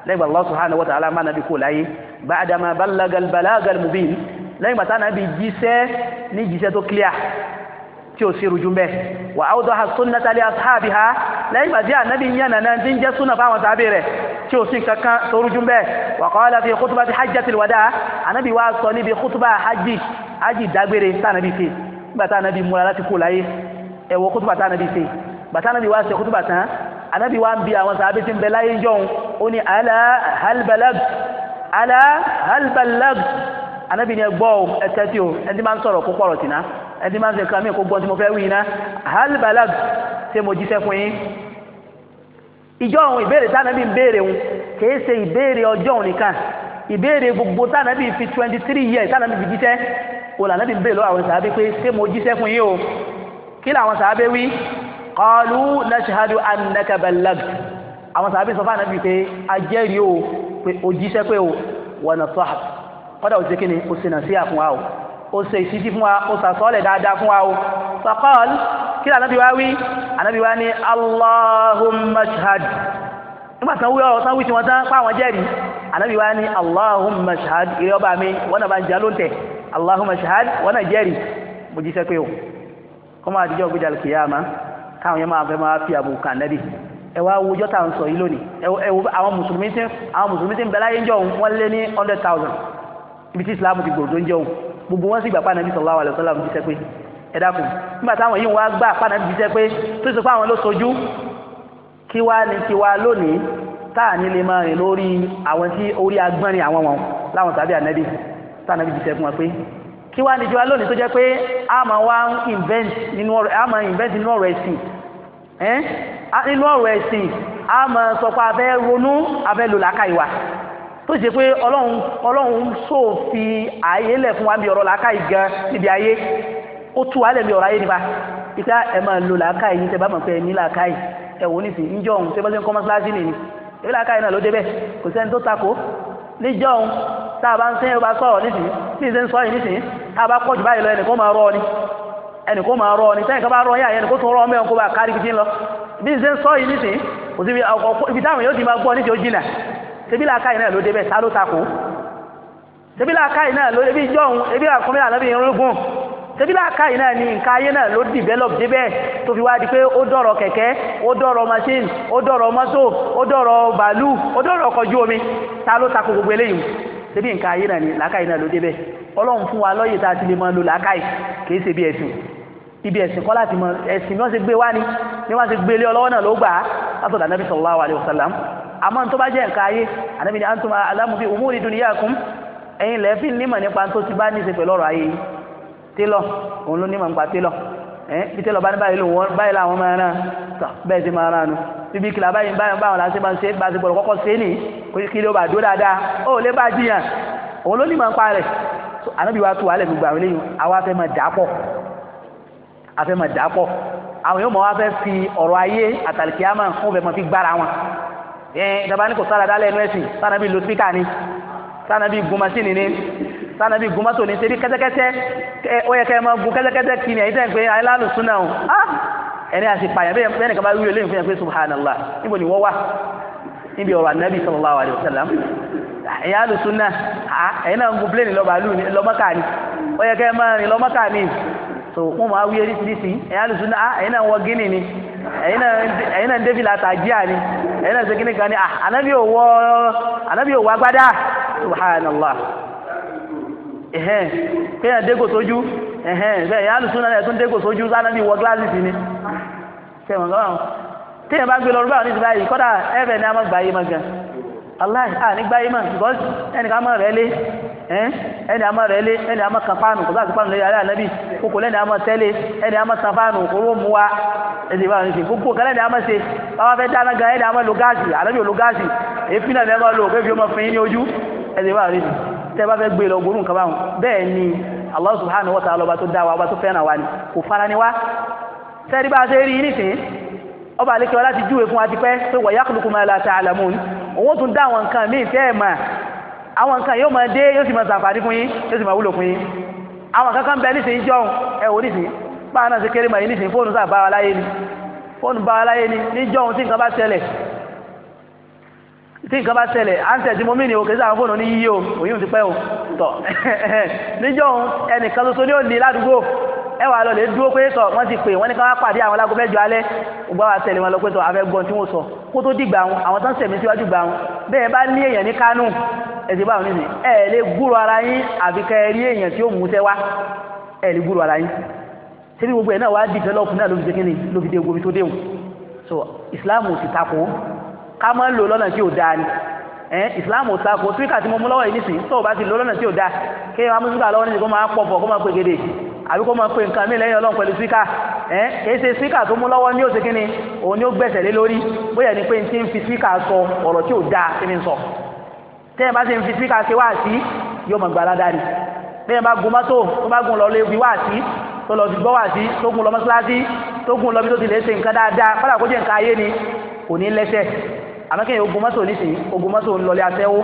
lẹ́yìn Allah subhanahu wa ta'ala máa nàbí kó láyé ba'dama ballagal balagal mubin lẹ́yìn gbàtà nàbí jíṣẹ́ ní jíṣẹ́ tó clear tí ó sí rújú mẹ́ wà áwùdọ́ ha súnà tàbí asáàbì ha lẹ́yìn ìgbà tí ànábì yẹn nàná tí ń jẹ́ súnà fáwọn tàbí rẹ̀ tí ó sí kankan tó rújú mẹ́ wà kọ́ láti kútùbà ti hajjá ti wàdá ànábì wá sọ níbi kútùbà hajji hajji dágbére tànábì fi nígbà tànábì múra láti kú láyé ẹ̀wọ̀ kútùbà tànábì fi gbà tànábì wá ṣe kútùbà tán ànábì wá ń bi àwọn tàbí ti ń bẹ láyé jọun ó halbalag ànábì ni ẹgbọ́ ẹ ẹni máa ń ṣe nǹkan mí kó gbọ́n tí mo fẹ́ wí iná hal balag ṣé mo jíṣẹ́ fún yín ìjọ òun ìbéèrè tánàbí ń béèrè òun kìí ṣe ìbéèrè ọjọ́ òun nìkan ìbéèrè gbogbo tánàbí fi twenty three years tánàbí fi jíṣẹ́ òun lànàbí ń béèrè lọ́wọ́ àwọn sàábé pé ṣé mo jíṣẹ́ fún yín o kí làwọn sàábé wí qalu nashhadu annaka ballag àwọn sàábé sọ fún ànàbí pé ajẹ́rìí o pé o jíṣẹ́ pé o wa nasahak kọ́dà ó ṣe ìṣítí fún wa ó sàsọ́ọ̀lẹ̀ dáadáa fún wa o faqal kí ànábì wá wí ànábì wá ní allahumma shahad nígbà tán wí ọ̀rọ̀ tán wí tí wọ́n tán fáwọn jẹ́rìí ànábì wá ní allahumma shahad ìrẹ́ ọba mi wọ́n náà bá ń jẹ́ ló ń tẹ̀ allahumma shahad wọ́n náà jẹ́rìí mo jí sẹ́pẹ́ o kọ́ máa dijọ́ gbé jalè kìyàmá káwọn yẹn máa fẹ́ máa fi àbùkù kàn nẹ́bì ẹ wá wo jọ́ta ń sọ yìí lónìí ẹ wo àwọn mùsùlùmí gbogbo wọn sì gbà pàànàbí sallallahu alaihi wasallam jíṣẹ́ pé ẹ dákun nígbà táwọn yìí wá gbà pàànàbí jíṣẹ́ pé tó sọ pé àwọn ló sojú kí wá ní tiwa lónìí táà ní lè máa rìn lórí àwọn tí orí agbọ́n ni àwọn wọn láwọn tàbí ànábì tànábì jíṣẹ́ fún wọn pé kí wá ní tiwa lónìí tó jẹ́ pé a máa wá invent nínú ọ̀rọ̀ ẹ̀sìn nínú ọ̀rọ̀ ẹ̀sìn a máa sọ pé a fẹ́ ronú a fẹ́ lò lákàá tó ṣe pé ọlọ́run ọlọ́run sọ fi ààyè lẹ̀ fún wa bí ọ̀rọ̀ làákàyè gan níbi ayé ó tú wa lẹ̀ bí ọ̀rọ̀ ayé nípa ìpá ẹ máa lo làákàyè yìí tẹ bá mọ̀ pé ẹ ní làákàyè ẹ wò ní sìn níjọ́ òun tẹ bá ṣe ń kọ́ mọ́ṣáláṣí nìyí ìwé làákàyè náà ló débẹ̀ kò sẹ́ni tó takò níjọ́ òun tá a bá ń sẹ́yìn bá sọ̀rọ̀ nísìnyí bí ìṣe ń sọ yìí nísìnyí máa rọ ọ ni ẹnìkan ni sẹ́yìn kan bá rọ yà ẹnìkan tó rọ ọmọ ẹ̀kọ́ bá kárí fi ti ń lọ bí ìṣe ń sọ yìí nísìnyí kò sí ibi táwọn yóò ti máa gbọ́ nísìnyí jìnà tẹ́bílà káyì náà ló débẹ̀ ta ló takò tẹ́bílà káyì náà ló ebi jọ̀hún ebi àkúnmí ànábì irúgùn tẹ́bílà káyì náà ni nǹkan ayé náà ló develop débẹ̀ tó fi wá di pé ó dọ̀rọ̀ kẹ̀kẹ́ ó dọ̀rọ̀ machine ó dọ̀rọ̀ mọ́tò ó dọ̀rọ̀ bàálù ó dọ̀rọ̀ ọkọ̀ ojú omi ta ló takò gbogbo eléyìí tẹ́bí nǹkan ayé náà ni làákàyè náà ló débẹ̀ ọlọ́run fún wa lọ́yè tá a ti lè máa lo làákàyè kìí ṣe bí ẹ̀sìn ibi ẹ̀sìn kọ́ láti mọ ẹ̀sìn bí wọ́n ṣe gbé wá ni bí wọ́n ṣe gbé lé ọlọ́wọ́ náà ló gbà á látọ̀dà nàbí sallallahu alaihi wasallam àmọ́ tó bá jẹ́ nǹkan ayé ànábì ní antum a'lamu bi umuri dunyakum ẹ̀yin lẹ́fìn nímọ̀ nípa tó ti bá ní ṣe pẹ̀lú ọ̀rọ̀ ayé yìí télọ̀ òun ló nímọ̀ nípa télọ̀ ẹ̀ bí télọ̀ bá ní báyìí lòun báyìí làwọn máa rán tọ̀ bẹ́ẹ̀ sì máa rán nu bíbí kìlà báyìí báyìí báwọn làwọn ṣe máa ń ṣe bá ṣe gbọ́dọ̀ kọ́kọ́ ṣe ní kí ló bá dó dáadáa ó lè bá jiyàn òun ló nímọ̀ àwọn yóò mọ̀ wá fẹ́ fi ọ̀rọ̀ ayé àtàlìkíyàmà fún fẹ́ fi gbára wọn ìjọba ní kò sára dálẹ̀ ẹnu ẹ̀sìn sanabi lo spika ni sanabi gun masini ni sanabi gun mọ́tò ni ṣe ní kẹ́tẹ́kẹ́tẹ́ ó yẹ kẹ́ ẹ máa gun kẹ́tẹ́kẹ́tẹ́ kí ni ẹ̀yin tẹ́ ń pè é aláàlú súnà o ah! ẹni àti pààyàn bẹ́ẹ̀ nìkan bá wúlò lẹ́yìn fún yẹn pé subhanallah níbo ni wọ́n wà níbi ọ̀rọ̀ anabi sallallahu alayhi wa sallam ẹ̀yin àlù súnà ẹ̀yin náà ń gun plẹ́ẹ̀nì lọ́mọ́kà ni ó yẹ kẹ́ ẹ máa rìn lọ́mọ́kà ni so wọ́n máa wúyẹ́ ẹ̀yin na ń débi láta jíà ni ẹ̀yin na ń segin nìkan ni ànábì ò wọ ànábì ò wọ subhanallah ẹ̀hẹ́n kéèyàn dégò sójú ẹ̀hẹ́n bẹ́ẹ̀ yẹn alùsùn náà tún dégò sójú ànábì wọ gíláàsì sí ni tẹ̀wọ̀n kọ́ téèyàn bá gbé lọ báyìí kọ́dà ẹ̀fẹ̀ ni a máa gbà aláì ànígbáyé mọ̀ because ẹnì kan mọ̀ rẹ̀ lé ẹnì àmọ́ rẹ̀ lé ẹnì àmọ́ kan fáànù kò sáàtì fáànù lórí alẹ́ ànábì kókò lẹ́nì àmọ́ tẹ́lẹ̀ ẹnì àmọ́ san fáànù owó mu wa ẹsẹ̀ ìbára ní ṣe gbogbo kan lẹ́nì àmọ́ ṣe báwa fẹ́ dáná gan ẹnì àmọ́ lo gáàsì ànábì lo gáàsì èéfín náà lẹ́mọ́ lo òkè fi ọmọ fún yín ní ojú ẹsẹ̀ ìbára ní ṣe tẹ́ bá fẹ́ gbé ọba tó láti júwe fún wa pẹ́ pé wọ̀nyí àkùlùkù máa la ta òun tún dá àwọn nǹkan míì tẹ́ ẹ̀ mà àwọn nǹkan yóò máa dé yóò sì máa ṣàǹfààní fún yín yóò sì máa wúlò fún yín àwọn kankan bẹ nísìnyí jọ̀hún ẹ wò nísìnyí báwa náà ṣe kéré mà yín nísìnyí fóònù sáà bá wa láyé ni fóònù bá wa láyé ni níjọ́hún tí nǹkan bá ṣẹlẹ̀ tí nǹkan bá ṣẹlẹ̀ àǹtẹ̀ tí mo mí ni o kìí sáwọn fóònù ní yíyí o òyìn ti pẹ́ o tọ̀ níjọ́ ẹnìkan tó tó ní òní ládùúgbò ẹ wà lọ lè dúró pé tọ̀ wọ́n ti pè wọ́n ní ká wá pàdé àwọn alágo mẹ́jọ alẹ́ ògbà wa tẹ̀lé wọn lọ pé tọ̀ afẹ́ gbọ́n tí wọ́n sọ kó tó dìgbà wọn àwọn tó ń sẹ̀mí síwájú gbà wọn bẹ́ẹ̀ bá ní èèyàn ní kánú ẹ̀sìn báwọn nìyí ẹ̀ lè gbúrò ara yín àfi kẹ́ ẹ rí èèyàn tí ó mú sẹ́ wá ẹ̀ lè gbúrò ara yín ṣébí gbogbo ẹ̀ náà wá dìtẹ́ lọ́kùnrin náà ló fi dé kínní ló fi dé ogun tó déhùn so Islam ò sì takò ká máa ń lò lọ́nà tí ò dáa ni ẹ̀ Islam ò takò spíkà tí mo mú lọ́wọ́ yìí nísìnyí tó o bá ti lò lọ́nà tí ò dáa kéèyàn amúsùgbà lọ́wọ́ nísìnyí kó máa pọ̀ pọ̀ kó máa pegede àbí kó máa pe nǹkan mí lẹ́yìn ọlọ́run pẹ̀lú síkà ẹ́ kìí ṣe síkà tó mú lọ́wọ́ ní òsì kínní òun ni ó gbẹ̀sẹ̀ lé lórí bóyá ni pé n ti ń fi síkà sọ ọ̀rọ̀ tí ò dáa kí ni sọ tẹ́yìn bá ti ń fi síkà ṣe wáàsí yóò mọ̀ gbàlá dárí tẹ́yìn bá gun mọ́tò tó bá gun lọ lé fi wáàsí tó lọ fi gbọ́ wáàsí tó gun lọ mọ́ṣáláṣí tó gun lọ bí tó ti lè ṣe nǹkan dáadáa kọ́lá kó jẹ́ nǹkan ayé ni kò ní lẹ́sẹ̀ àmọ́ kéèyàn ogun mọ́tò nísìnyí ogun mọ́tò ń lọlé aṣẹ́wó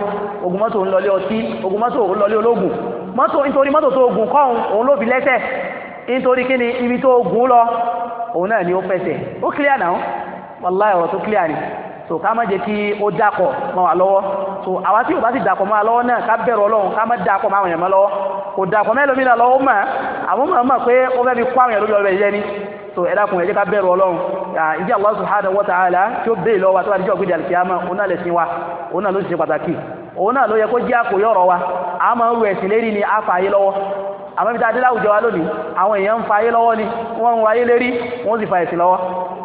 ogun mọ́tò ń lọlé ọtí ogun mọ́tò ń lọlé ológun mọ́tò nítorí mọ́tò tó gùn kọ́ òun ló fi lẹ́sẹ̀ nítorí kí ni ibi tó gùn lọ òun náà ni ó fẹsẹ̀ ó clear now wallahi ọ̀rọ̀ tó clear ni so ká má jẹ́ kí ó dàpọ̀ mọ́ wa lọ́wọ́ so àwa tí ò bá sì dàpọ̀ mọ́ wa lọ́wọ́ náà ká bẹ̀rù ọlọ́run ká má dàpọ̀ mọ́ àwọn èèyàn mọ́ lọ́wọ́ kò dàpọ̀ mẹ́lòmí lọ́wọ́ mà àwọn mọ̀ mọ̀ pé ó fẹ́ fi kó àwọn èèyàn lójú ọlọ́run so ẹ dákun ẹ jẹ́ ká bẹ̀rù ọlọ́run ìdí Allah subhanahu wa ta'ala tí ó béè lọ́wọ́ àtúwádìí jọ́ gbéde àlùkìyàmọ́ òun náà lè sin wa òun náà ló sì ṣe pàtàkì òun náà ló yẹ kó jẹ́ àkòyọ̀rọ̀ wa àmọ́ ń ẹ̀sìn lérí ni àfààyè lọ́wọ́ àmọ́ ibi tá a dé láwùjọ wa lónìí àwọn èèyàn ń fa ayé lọ́wọ́ ni wọ́n ń wa ayé lérí wọ́n sì fa ẹ̀sìn lọ́wọ́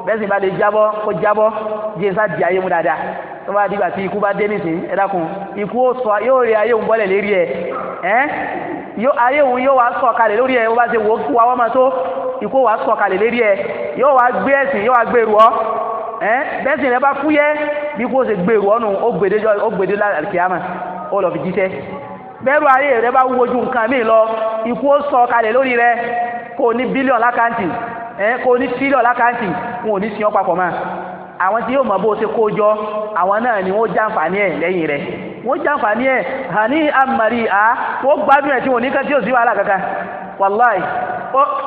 bẹ́ẹ̀ sì bá lè jábọ́ kó jábọ́ jẹ́ sá di ayé mu dáadáa tó bá dìgbà tí ikú bá dé nìsín ẹ dákun ikú yóò rí ayé òun bọ́lẹ̀ lérí ẹ ẹ́ ayé òun yóò wá sọ̀kalẹ̀ lórí ẹ bó bá ṣe wò ó kú wa wọ́n máa tó ikú wa sọ̀kalẹ̀ lérí ẹ yóò wá gbé ẹ̀sìn yóò wá gbèrú ọ ẹ́ bẹ́ẹ̀ sì rẹ bá fúyẹ́ bí kò ṣe gbèrú ọ nù ó gbèdé lálẹ́ kíámà ó lọ fi jíṣẹ́ bẹ́ẹ̀rù ayé rẹ bá wúwo ju nǹkan lọ ikú ó sọ kalẹ̀ lórí rẹ kò ní bílíọ̀n lákàntì ẹ kò ní tírílíọ̀n lákàntì wọn ò ní ma ọ́ mọ́ àwọn tí yóò mọ̀ bó ṣe kó jọ àwọn náà ni wọ́n jàǹfààní ẹ̀ lẹ́yìn rẹ̀ wọ́n jàǹfààní ẹ̀ hàní àmàrí à wọ́n gbádùn ẹ̀ tí wọ́n ní kẹ́tí ò sí wàhálà kankan wàláì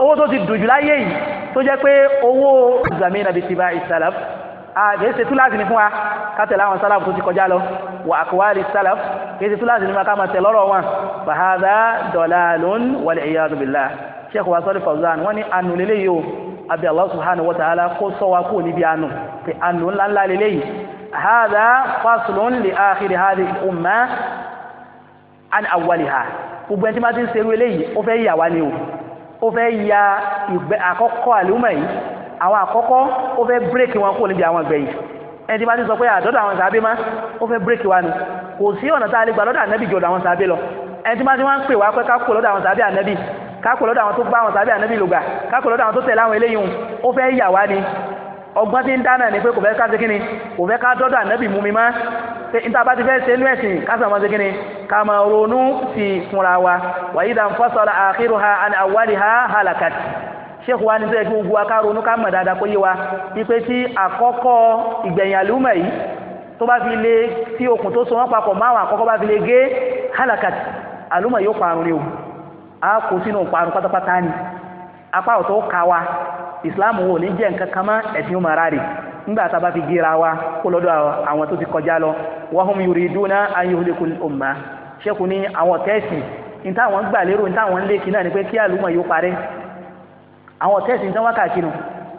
owó tó ti láyé yìí tó jẹ́ pé àgbèsè ah, túláàsì ní fún wa kátẹ̀lá àwọn sálàfù tó ti kọjá lọ wà àkọwàlì sálàfù kèsè túláàsì ní maká màtẹ̀ lọ́rọ̀ wọn fàhádà dalalun wal iyadu billah sheikh wa sọ́lẹ̀ Fawzan wọ́n ní ànú lélẹ́ yìí o àbí Allah subhanahu wa ta'ala kó sọ wa kó níbi ànú pé ànú ńláńlá lélẹ́ yìí hádà faslun li akhiri hádì umma an awwaliha gbogbo ẹni tí máa ti ń serú àwọn àkọ́kọ́ ó fẹ́ bírèkì wọn kò níbi àwọn ìgbẹ̀yìn ẹni tí bá ti sọ pé àdọ́dọ̀ àwọn sàábé má ó fẹ́ bírèkì wa ni kò sí ọ̀nà tá a lè gbà lọ́dọ̀ ànábì jọ̀dọ̀ àwọn sàábé lọ ẹni tí bá ti wá ń pè wá pé kákò lọ́dọ̀ àwọn sàábé ànábì kákò lọ́dọ̀ àwọn tó bá àwọn sàábé ànábì lògbà kákò lọ́dọ̀ àwọn tó tẹ̀lé àwọn eléyìí ó fẹ́ yà wá ni ọgbọ́n tí ń dáná ni pé kò fẹ́ ká ṣe kíni kò fẹ́ ká dọ́dọ̀ ànábì mú mi má pé níta bá ti fẹ́ ṣe inú ẹ̀sìn kásán máa ṣe kíni ká máa ronú sí fúnra wa wàyí dàn fọ́sọ̀lá àkírù ha àwárí ha halakat sheikh wa ní sẹ́yìn kí gbogbo aká ronú ká mọ̀ dáadáa kó yé wa wípé tí àkọ́kọ́ ìgbẹ̀yìn àlùmọ̀ yìí tó bá fi lé tí okùn tó so wọ́n papọ̀ máa àkọ́kọ́ bá fi lé gé halakat àlùmọ̀ yóò parun ni o a kò sínú parun pátápátá ni apá ọ̀tọ̀ ká wa islam wo ní jẹ́ nǹkan kan mọ́ ẹ̀sìn ọmọ ara rẹ̀ tá a bá fi gera wa kó lọ́dọ̀ àwọn tó ti kọjá lọ wahum yuriduna an umma sheikh ní àwọn tẹ́ẹ̀sì ní táwọn gbà lérò ní táwọn ń lé yóò parẹ́ àwọn ọ̀tẹ́sìn tán wákàkí nù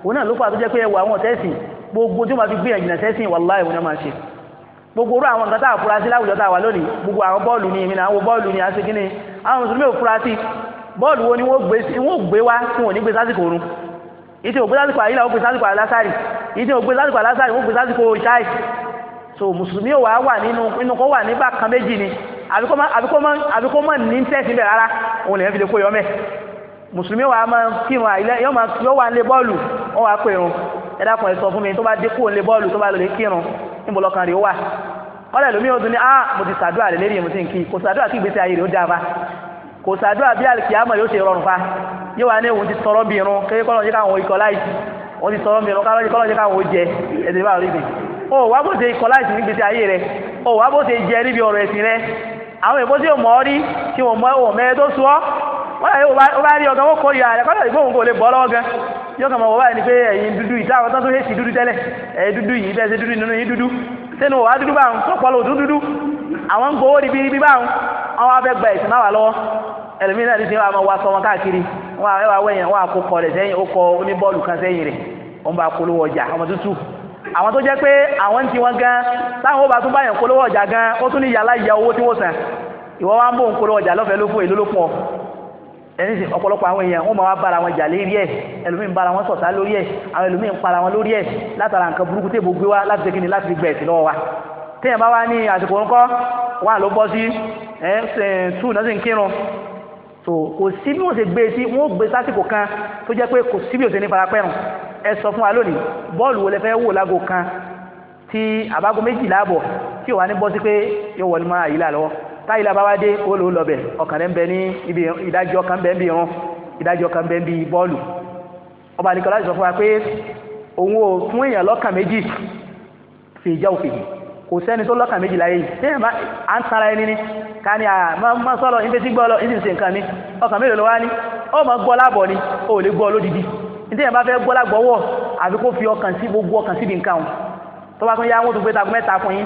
òun náà ló fà tó jẹ́ pé ẹwà àwọn ọ̀tẹ́sìn gbogbo tí wọ́n fi gbìyànjú náà sẹ́sìn wàláì ìwọ̀n náà máa ṣe gbogbo orú àwọn nǹkan tá a fura sí láwùjọ tá a wà lónìí gbogbo àwọn bọ́ọ̀lù ni èmi náà wo bọ́ọ̀lù ni a ṣe kí ni àwọn mùsùlùmí ò fura sí bọ́ọ̀lù so mùsùlùmí ò wá wà nínú ni àbíkó mọ̀ ní tẹ̀sí bẹ̀ rárá òun lè fi lè kó mùsùlùmí wa máa kírun àìlẹ́ yóò máa yóò wà nílé bọ́ọ̀lù wọ́n wá pèrun ẹ dákun ẹ sọ fún mi tó bá dé kúrò nílé bọ́ọ̀lù tó bá lọ lè kírun níbo lọ́kàn rẹ̀ wà kọ́lẹ̀ lómi ó dún ní ah mo ti sàdúrà lè lérí ìmùsìn kí kò sàdúrà kí ìgbésí ayé rẹ̀ ó dáa fa kò sàdúrà bí àlìkìyàmọ̀ yóò ṣe rọrùn fa yóò wá ní òun ti sọ̀rọ̀ bí irun kékeré kọ́lọ́ yíká àwọn ikọ̀ láìsí òun ti sọ̀rọ̀ bí irun kọ́lọ́ yíká àwọn oúnjẹ ẹ̀sìn bá rí bi ó wá bó ṣe ikọ̀ láìsí nígbésí ayé rẹ̀ ó wá bó ṣe jẹ níbi ọ̀rọ̀ ẹ̀sìn rẹ̀ àwọn èbó tí ò mọ̀ ọ́ rí tí ò mọ̀ ẹ̀ tó sọ ó bá rí ọ̀gá ó kó ìyá rẹ̀ kọ́lá ìgbóhùn kò lè bọ́ lọ́wọ́ gan yóò kàn mọ̀ wọ́n báyìí ni pé ẹ̀yin dúdú ìta àwọn tó hẹ́sì dúdú tẹ́lẹ̀ ẹ̀yin dúdú yìí bẹ́ẹ̀ ṣe dúdú nínú yín dúdú sẹ́nu wà á dúdú báwọn tó pọ̀ lòdún dúdú àwọn ń gbowó níbi ibi báwọn àwọn afẹ́ gba ẹ̀sìn máa wà lọ́wọ́ ẹlòmíín náà ní sẹ́yìn wà máa wá sọ wọn káàkiri wọn àwọn ẹwà wẹ̀yìn wọn àkó kọ rẹ̀ sẹ́yìn ó kọ oníbọ́ọ̀lù kan sẹ́yìn rẹ̀ wọn bá polówó ọjà ọmọ tútù àwọn tó jẹ́ pé àwọn ń ti wọn gan táwọn ó bá tún báyàn polówó ọjà gan ó tún ní yàrá ìyá owó tí wọ́n san ìwọ wa ń bò ń polówó ọjà lọ́fẹ̀ẹ́ ló fún èlò ló fún ọ ẹni sì ọ̀pọ̀lọpọ̀ àwọn èèyàn wọ́n máa wá bára wọn jà lérí ẹ̀ ẹlòmíì ń bára wọn ṣọ̀tá lórí ẹ̀ àwọn ẹlòmíì ń para wọn lórí ẹ̀ látara nǹkan burúkú tèbó gbé wá láti ṣèkínni láti fi gbẹ̀sì lọ́wọ́ wa téèyàn bá wá ní àsìkò ńkọ́ wà ló bọ́ sí ẹ̀ tù náà sì ń kírun tó kò sí bí wọ́n ṣe gbé sí wọ́n gbé sásìkò kan tó jẹ́ pé kò sí bí òṣèlú farapẹ́rùn ti àbágo méjìlá àbọ̀ tí ò wá ní bọ́ táyìlá bá wá dé ó lò ó lọbẹ ọkàn rẹ ń bẹ ní ibi ìdájọ́ kan bẹ ń bí irun ìdájọ́ kan bẹ ń bí bọ́ọ̀lù ọba nìkọlá sọ fún wa pé òun ò fún èèyàn lọ́kàn méjì fi ìjà òfin kò sẹ́ni tó lọ́kàn méjì láyé yìí sẹ́yìn bá à ń tara ẹni ni ká ní à má sọ́lọ ibi tí gbọ́ lọ ibi tí nǹkan mi ọkàn mélòó ló wá ní ó mọ̀ gbọ́ lábọ̀ ni ó lè gbọ́ lódìdí ìdíyẹn bá fẹ́ gbọ́ lágbọ́wọ́ àbí kó fi ọkàn sí gbogbo ọkàn síbi nǹkan òun tó bá tún yá wọn tó gbé tagun mẹ́ta fún yín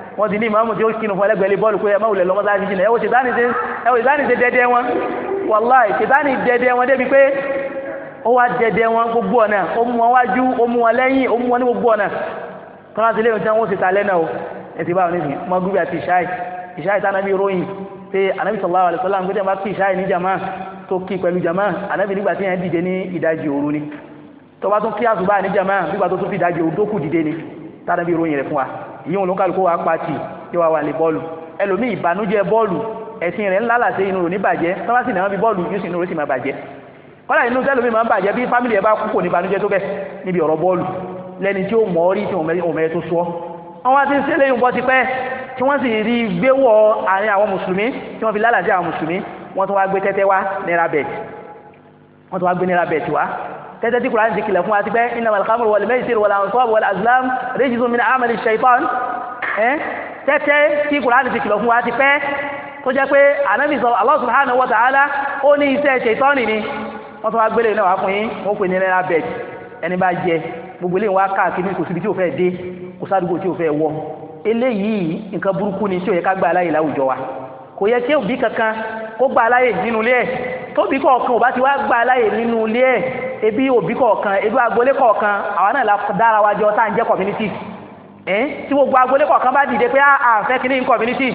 wọ́n ti ní ìmáàmù tí ó kinu fún ẹlẹ́gbẹ̀ẹ́lẹ́ bọ́ọ̀lù pé ẹ má wulẹ̀ lọ́mọ́ sáájú jìnnà ẹ̀wọ̀ ṣètánì ṣe dẹ́dẹ́ wọn wàláì ṣètánì dẹ́dẹ́ wọn débi pé ó wá dẹ́dẹ́ wọn gbogbo ọ̀nà ó mú wọn wájú ó mú wọn lẹ́yìn ó mú wọn ní gbogbo ọ̀nà tọ́lá ti léwu tí wọ́n ṣe ta lẹ́nà o ẹ ti bá wọn nísìnyí ọmọ gúbí àti ìṣáì ìṣáì tá anábì ròyìn pé anábì sallallahu alaihi wasallam gbé tẹ́ bá kí ìṣáì ní jàmá tó kí pẹ̀lú jàmá anábì nígbà tí yẹn dìde ní ìdajì òru ni tó bá tún kí àsùbá ní jàmá nígbà tó tún fi ìdajì òru tó kù dìde ni tá anábì ròyìn rẹ̀ fún wa ìyẹn olókàlùkù wa pàtì yóò wá wà lè bọ́ọ̀lù ẹlòmíì ìbànújẹ́ bọ́ọ̀lù ẹ̀sìn rẹ̀ ńlá làṣẹ inú rò ní bàjẹ́ tọ́wá sì náà bí bọ́ọ̀lù yóò sì inú ma sì máa bàjẹ́ kọ́lá inú tẹ́lómi máa ń bàjẹ́ bí fámìlì ẹ̀ bá kú kò ní bànújẹ́ tó bẹ́ẹ̀ níbi ọ̀rọ̀ bọ́ọ̀lù lẹ́ni tí ó mọ̀ ọ́ rí tí òmẹ́ tó sọ wọ́n wá ti ń sẹ́lẹ̀ ìbọn ti pẹ́ tí wọ́n sì rí gbéwọ̀ gẹ́gẹ́ tí kùránì ti kìlẹ̀ fún wa ti pẹ́ iná alhamdu wal maisir wal ansab wal azlam rijzun min amali shaitan tẹ́tẹ́ tí kùránì ti kìlọ̀ fún wa ti pẹ́ tó jẹ́ pé ànábì sọ Allah subhanahu wa ta'ala ó ní iṣẹ́ shaitan ni wọ́n tún wá gbélé náà wá fún yín wọ́n pè ní kò yẹ kí òbí kankan kó gba aláyè nínú ilé ẹ̀ tóbi kọ̀ọ̀kan ò bá ti wá gba aláyè nínú ilé ẹ̀ ebi òbí kọ̀ọ̀kan ebi agboolé kọ̀ọ̀kan àwa náà la dára wa jọ tá à ń jẹ́ community ẹ̀ tí gbogbo agboolé kọ̀ọ̀kan bá dìde pé ah, a fẹ́ kí ní community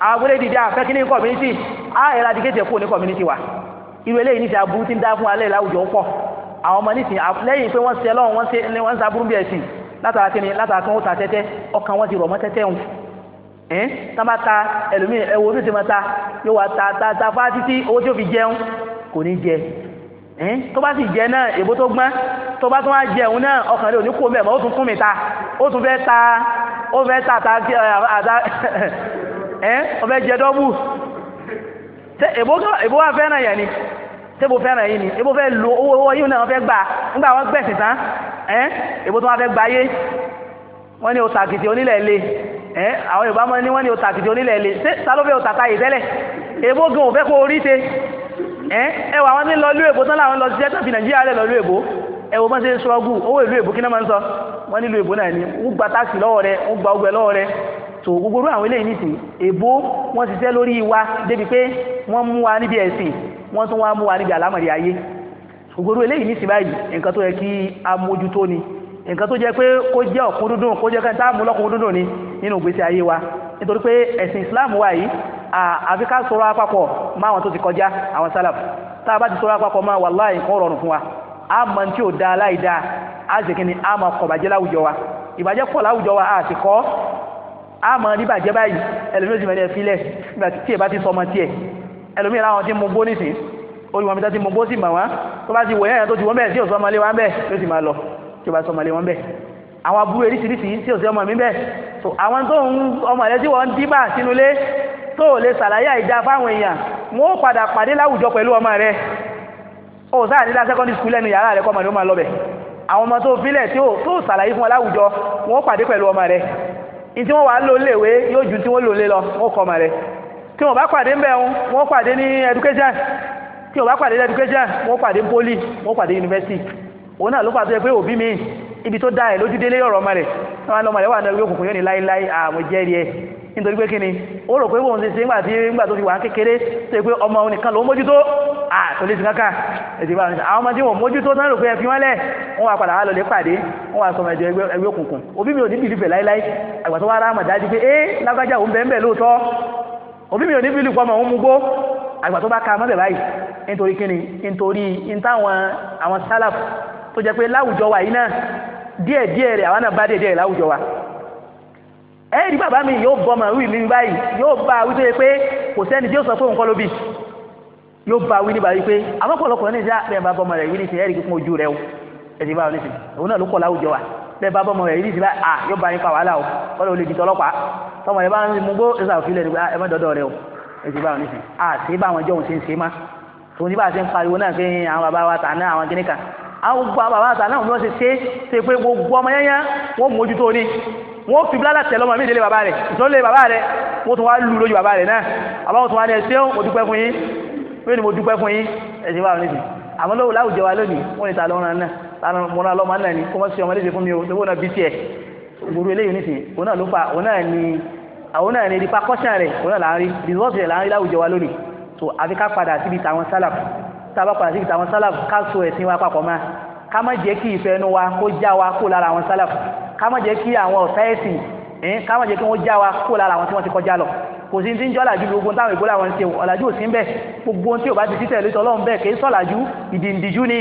àwọn agboolé dìde a fẹ́ kí ní community a eradicate kúrò ní community wa irú eléyìí ní ti aburú tí ń dá fún alẹ́ láwùjọ ń pọ̀ àwọn ọmọ nísìn lẹ́yìn pé wọ́n ṣe lọ́wọ́ wọ́n ń saburú bí ẹ̀sìn látara kí ni látara kí wọ́n ta tẹ́tẹ́ ọkàn wọn ti rọ̀ mọ́ tẹ́tẹ́ wọn ẹ́n tánbá ta ẹlòmí ẹwọ tó ti mọ́ ta yóò wá ta ta ta fá títí owó tí ó fi jẹun kò ní jẹ ẹ́n tó bá sì jẹ náà èbó tó gbọ́n tó bá tún wá jẹun náà ọkàn rẹ̀ ò ní kó mẹ́mọ́ ó tún kún mi ta ó tún fẹ́ ta ó fẹ́ ta ta àdá ẹ́n ó fẹ́ jẹ dọ́bù èbó wà fẹ́ràn yẹn ni tébò fẹ́ràn yìí ni èbó fẹ́ lo owó owó yìí náà fẹ́ gbà nígbà wọn gbẹ̀sìn tán ẹ́n èbó tó wá fẹ́ gbáyé wọ́n ní o tàkìtì ẹ àwọn yorùbá máa ní wọ́n ní o tàtìdì onílẹ̀ lè ṣé sálọ́fẹ́ o tàtà yìí tẹ́lẹ̀ èbó gan òfẹ́ kó orí ṣe ẹ ẹ wà wọn ní lọ lú èbó tán láwọn lọ ṣiṣẹ́ tàbí nàìjíríà lẹ̀ lọ lú èbó ẹ wò ṣe ṣọ́gù owó ìlú èbó kí máa ń sọ wọ́n nílùú èbó náà ni wọ́n gba táàsì lọ́wọ́ rẹ wọ́n gba ọgbẹ́ lọ́wọ́ rẹ tó gbogbo irú àwọn eléyìí nìsín èbó wọ́n ṣiṣẹ́ lórí wa débi pé wọ́n mú wa níbi ẹ̀sìn wọ́n tún wá mú wa níbi àlámọ̀rí ayé gbogbo irú eléyìí báyìí nǹkan tó yẹ kí a ni nǹkan tó jẹ́ pé kó jẹ́ ọ̀kún dúndùn kó jẹ́ kẹ́ tá a mú ni nínú ìgbésí ayé wa nítorí pé ẹ̀sìn Islam wa yìí àfi ká sọ̀rọ̀ máa wọn tó ti kọjá àwọn sálàf tá a bá ti sọ̀rọ̀ apapọ̀ máa wàláhì nǹkan rọrùn fún wa a mọ tí ò da aláìda a sì kíni a mọ kọ̀ bàjẹ́ láwùjọ wa ìbàjẹ́ pọ̀ láwùjọ wa a sì kọ́ a mọ níbàjẹ́ báyìí ẹlòmíràn ti mẹ́rin ẹ̀ filẹ̀ nígbà tí ẹ bá ti sọ ọmọ tiẹ̀ ẹlòmíràn àwọn ti mú gbó nísìnyí tí ó bá sọmọlé wọn bẹ́ẹ̀ àwọn aburú eríṣiríṣi tí ò sí ọmọ mi bẹ́ẹ̀ so àwọn tó ń ọmọ rẹ tí wọ́n ń díbà sínú ilé tó lè ṣàlàyé àìdá fáwọn èèyàn wọn ó padà pàdé láwùjọ pẹ̀lú ọmọ rẹ ó sáà nílá secondary school lẹ́nu yàrá rẹ kọ́ ọmọ rẹ ó máa lọ bẹ̀ àwọn ọmọ tó bílẹ̀ tí ó ṣàlàyé fún wọn láwùjọ wọn ó pàdé pẹ̀lú ọmọ rẹ ní tí wọ́n wàá lò léèwé yóò poli wọn ó university òun náà ló pàtó pé òbí mi ibi tó dá ẹ lójú délé ọ̀rọ̀ ọmọ rẹ̀ náà lọ́mọ rẹ̀ wà lai ẹgbẹ́ òkùnkùn yóò ní láéláé àmọ́ jẹ́rìí ẹ nítorí pé kíni ó rò pé bóun ṣe ṣe tó fi wà kékeré tó pé ọmọ òun nìkan ló ń mójútó àtòlẹ́sì kankan bá wọn àwọn ọmọ wọn mójútó tán rò pé ẹ fi wọn lẹ̀ wọn wà padà wà lọlé pàdé wọn wà ẹjọ òkùnkùn òbí mi ee lágbájá òun bẹ́ẹ̀ lóòótọ́ òbí mi ò ní ọmọ òun mú ka mọ́bẹ̀ báyìí nítorí kíni nítorí tó jẹ́ pé láwùjọ wa yìí náà díẹ̀ díẹ̀ rẹ̀ àwa náà bá díẹ̀ díẹ̀ láwùjọ wa ẹ̀ẹ́dì bàbá mi yóò bọ́ ọmọ wí mi báyìí yóò bá wí tó yẹ pé kò sẹ́ni tí yóò sọ pé òun kọ́ ló bì yóò bá wí níbàá wípé àwọn ọ̀pọ̀lọpọ̀ ní ìjà ah, bẹ́ẹ̀ bá bọ́ ọmọ wí ní ìsìn ẹ̀ẹ́dì kíkún ojú rẹ̀ o ẹ̀sìn báwo ní ìsìn òun náà ló kọ́ láwùjọ wa bẹ́ẹ̀ bá bọ́ ọmọ rẹ̀ wí ní ìsìn ah, yóò bá yín pa wàhálà o wọ́n lè di tọlọ́pàá tọmọ rẹ̀ bá ń mú gbó ẹ̀sà òfìlẹ̀ nígbà ah, ẹ̀ má dọ́dọ̀ rẹ̀ o ẹ̀sìn báwo ní ìsìn ah sí báwọn jọ̀hún ṣe ń ṣe má tòun ní bá a ṣe ń pariwo náà pé àwọn bàbá wa tà náà àwọn kíníkà àwọn gbogbo àwọn bàbá àtàlẹ́ òun ló ṣe ṣe ṣe pé gbogbo ọmọ yẹnyẹn wọ́n mójútó ni wọ́n fi bílá tẹ̀lé ọmọ mi délé bàbá rẹ̀ ìtọ́lé bàbá rẹ̀ wọ́n tún wá lù lójú bàbá rẹ̀ náà àbáwọn tún wá ní ẹsẹ̀ mo dúpẹ́ fún yín pé ni mo dúpẹ́ fún yín ẹ̀sìn wà nídìí àmọ́ lọ́wọ́ láwùjọ wa lónìí wọ́n ní ta lọ́rùn náà lánà mọ́nà lọ́mọ náà ni kó mọ́ sí ọmọ léṣe fún mi o lówó náà bí tiẹ̀ gbogbo eléyìí nísìnyí òun náà ló fa òun náà ni àwọn náà ni repercussion rẹ̀ òun náà là ń rí result rẹ̀ là ń rí láwùjọ wa lónìí so àfi ká padà síbi tàwọn sálàfù tábà padà sí ìtàwọn sálàfù ká so ẹ̀sìn wa papọ̀ mọ́ ká má jẹ́ kí ìfẹ́ inú wa kó já wa kó lára àwọn sálàfù ká má jẹ́ kí àwọn ọ̀tá ẹ̀sìn ẹ̀yìn ká má jẹ́ kí wọ́n já wa kó lára àwọn tí wọ́n ti kọjá lọ kò sí ti ń jọ́ ọ̀làjú gbogbo táwọn ìgbó làwọn ń ṣe ọ̀làjú ò sí ń gbogbo tí ò bá ti títẹ̀ lóṣọ ọlọ́run bẹ́ẹ̀ kì sọ̀làjú ìdìǹdìjú ni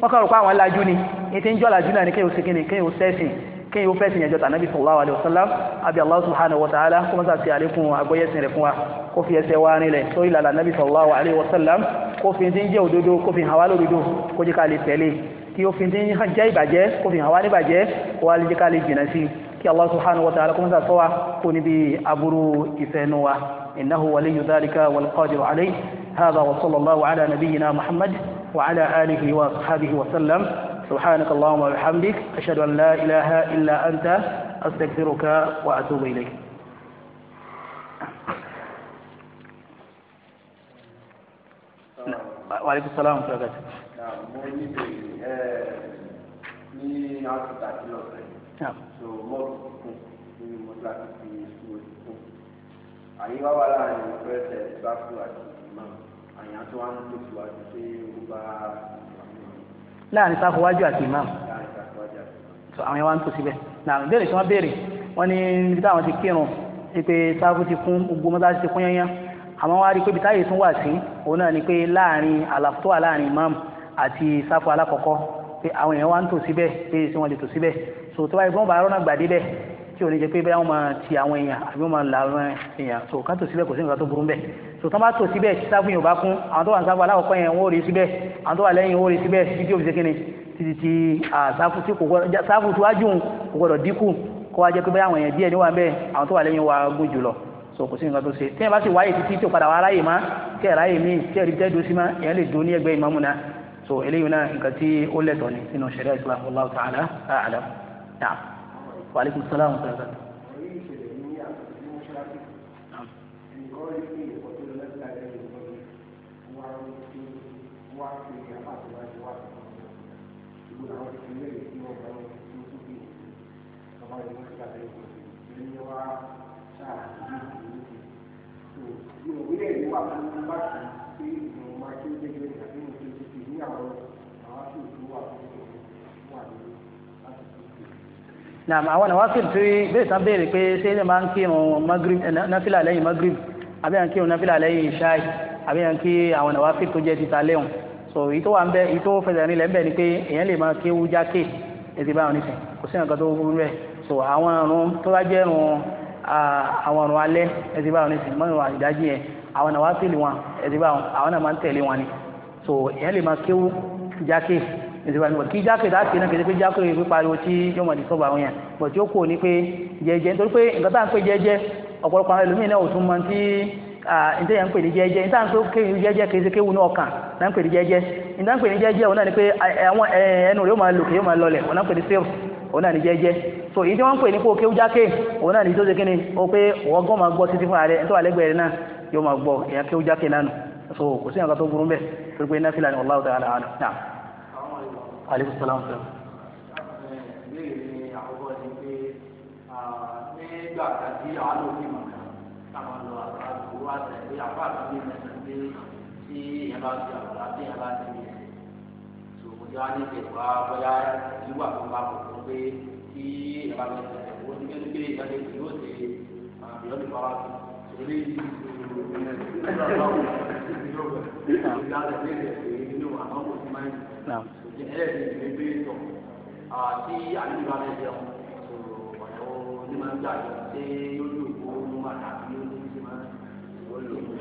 wọ́n kàn rò pé àwọn làjú ni ètí ń jọ́ ọ̀làjú náà ni kéèyàn ó ṣe kíni kéèyàn ó sẹ́sìn kí yíó fẹ́sìn ẹjọ́ tànàbí sallallahu alaihi wasallam àbí Allah subhanahu wa ta'ala kó mọ́sá sí àlékún àgbóyẹ̀sìn rẹ̀ fún wa kó fi ẹsẹ̀ wá nílẹ̀ tó ìlànà nàbí sallallahu alaihi wasallam kó fi ti ń jẹ́ òdodo kó fi hàn wá lódodo kó jẹ́ ká lè tẹ̀lé kí ó fi ti ń jẹ́ ìbàjẹ́ kó fi hàn wá níbàjẹ́ kó wá lè jẹ́ ká lè jìnà sí سبحانك اللهم وبحمدك أشهد أن لا إله إلا أنت أستغفرك وأتوب إليك وعليكم السلام ورحمة الله وبركاته. láàrin sáfù wájú àti imam so àwọn yẹn wá ń tó síbẹ̀ náà béèrè tí wọ́n béèrè wọ́n ní níbi táwọn ti kírun ni pé sáfù ti kún gbogbo mọ́tà ti kún yányán àmọ́ wọ́n á rí pé ibi táyé tún wà sí òun náà ni pé láàrin àlàfo wà láàrin imam àti sáfù alákọ̀ọ́kọ́ pé àwọn yẹn wá ń tò síbẹ̀ pé ṣé wọ́n lè tò síbẹ̀ so tó báyìí bọ́ǹbà arọ́nà gbàdé bẹ́ẹ̀ tí ò ní jẹ́ pé bẹ́ẹ̀ wọ́n máa ti àwọn èèyàn àbí wọ́n máa la àwọn èèyàn so ká tò síbẹ̀ kò sí nǹkan tó burú bẹ́ẹ̀ sòtán bá tò síbẹ̀ sáfún yóò bá kún àwọn tó wà ní sáfún aláwọ̀kọ́ yẹn wọ́n rí síbẹ̀ àwọn tó wà lẹ́yìn wọ́n rí síbẹ̀ títí òfìsẹ́ kínní títí tí sáfún tí kò gbọdọ̀ sáfún tí wájú kò gbọdọ̀ dínkù kó wá jẹ́ pé báyà wọ̀nyẹn díẹ̀ níwà bẹ́ẹ̀ àwọn tó wà lẹ́yìn wa gùn jù lọ so kò sí nǹkan tó ṣe tí yẹn bá sì wáyé títí tí ó padà wá ráyè má tí ẹ̀ ráyè míì tí ẹ̀ rí tẹ́ẹ̀dó sí má èèyàn lè dúró ní ẹgbẹ́ ìmáàmù náà so eléyìí náà nǹkan tí ó lẹ̀tọ̀ ni sínú ṣẹ̀ríà Islam Allahu ta'ala a'lam naam wa alaikum salaam wa rahmatulah. naam àwọn náà wá sí ti bẹ́ẹ̀ sá béèrè pé ṣé ẹni máa ń kírun magrib eh, náfìlà lẹ́yìn magrib àbí à ń kírun náfìlà lẹ́yìn ṣáì àbí à ń kí àwọn náà wá sí tó jẹ́ ti ta lẹ́hùn so èyí tó wà ń bẹ èyí tó fẹsẹ̀ nílẹ̀ ń bẹ ni pé èèyàn lè máa kéwú jákè ètò ìbáwọn nísìn kò sí nǹkan tó burú bẹ́ẹ̀ so àwọn irun tó bá jẹ́ irun àwọn irun alẹ́ ẹtì báwọn nísìnyí mọ́ irun àdájí yẹn àwọn náà wá sílì wọn báwọn àwọn náà máa ń tẹ̀lé wọn ni so èèyàn lè máa kéwú jákè ẹtì báwọn níbọ̀ kí jákè láti náà kéde pé jákè pé pariwo tí yóò mọ̀ nípa àwọn yẹn bọ̀ tí ó kù ní pé jẹ́jẹ́ nítorí pé nǹkan tá à ń pè jẹ́jẹ́ ọ̀pọ̀lọpọ̀ àwọn ẹlòmíín náà ò tún mọ tí ǹtẹ́ yẹn ń pè ní jẹ́jẹ́ níta òun náà ní jẹ́jẹ́ so èyí tí wọ́n ń pè ní kó kéwú jákè òun náà ní tó ṣe kíni ó pé wọ́n gán máa gbọ́ títí fúnra rẹ̀ tó wà lẹ́gbẹ̀ẹ́ náà yóò máa gbọ́ èyàn kéwú jákè náà so kò sí nǹkan tó burú bẹ́ẹ̀ torí pé náà fìlà ni wallahu ta'ala a'lam náà. aleykum salaam fẹ́. nígbà tí àwọn òfin mọ̀ náà àwọn lọ àgbà àgbà àgbà àgbà àgbà yọ ní ìgbà bóyá ìwà tó bá kò tó pé kí ìyàrá mi tẹ̀lé owó ní kékeré pé ìyàrá mi yóò ṣe àbíọ́ ní bàbá mi èlé yìí àti àyíká bẹ jẹun ọ̀yọ́ onímọ̀ọ́gbà yìí ṣé yóò lò ó mú àtàkì yóò lò ó mú àtàkì yóò lò ó mú.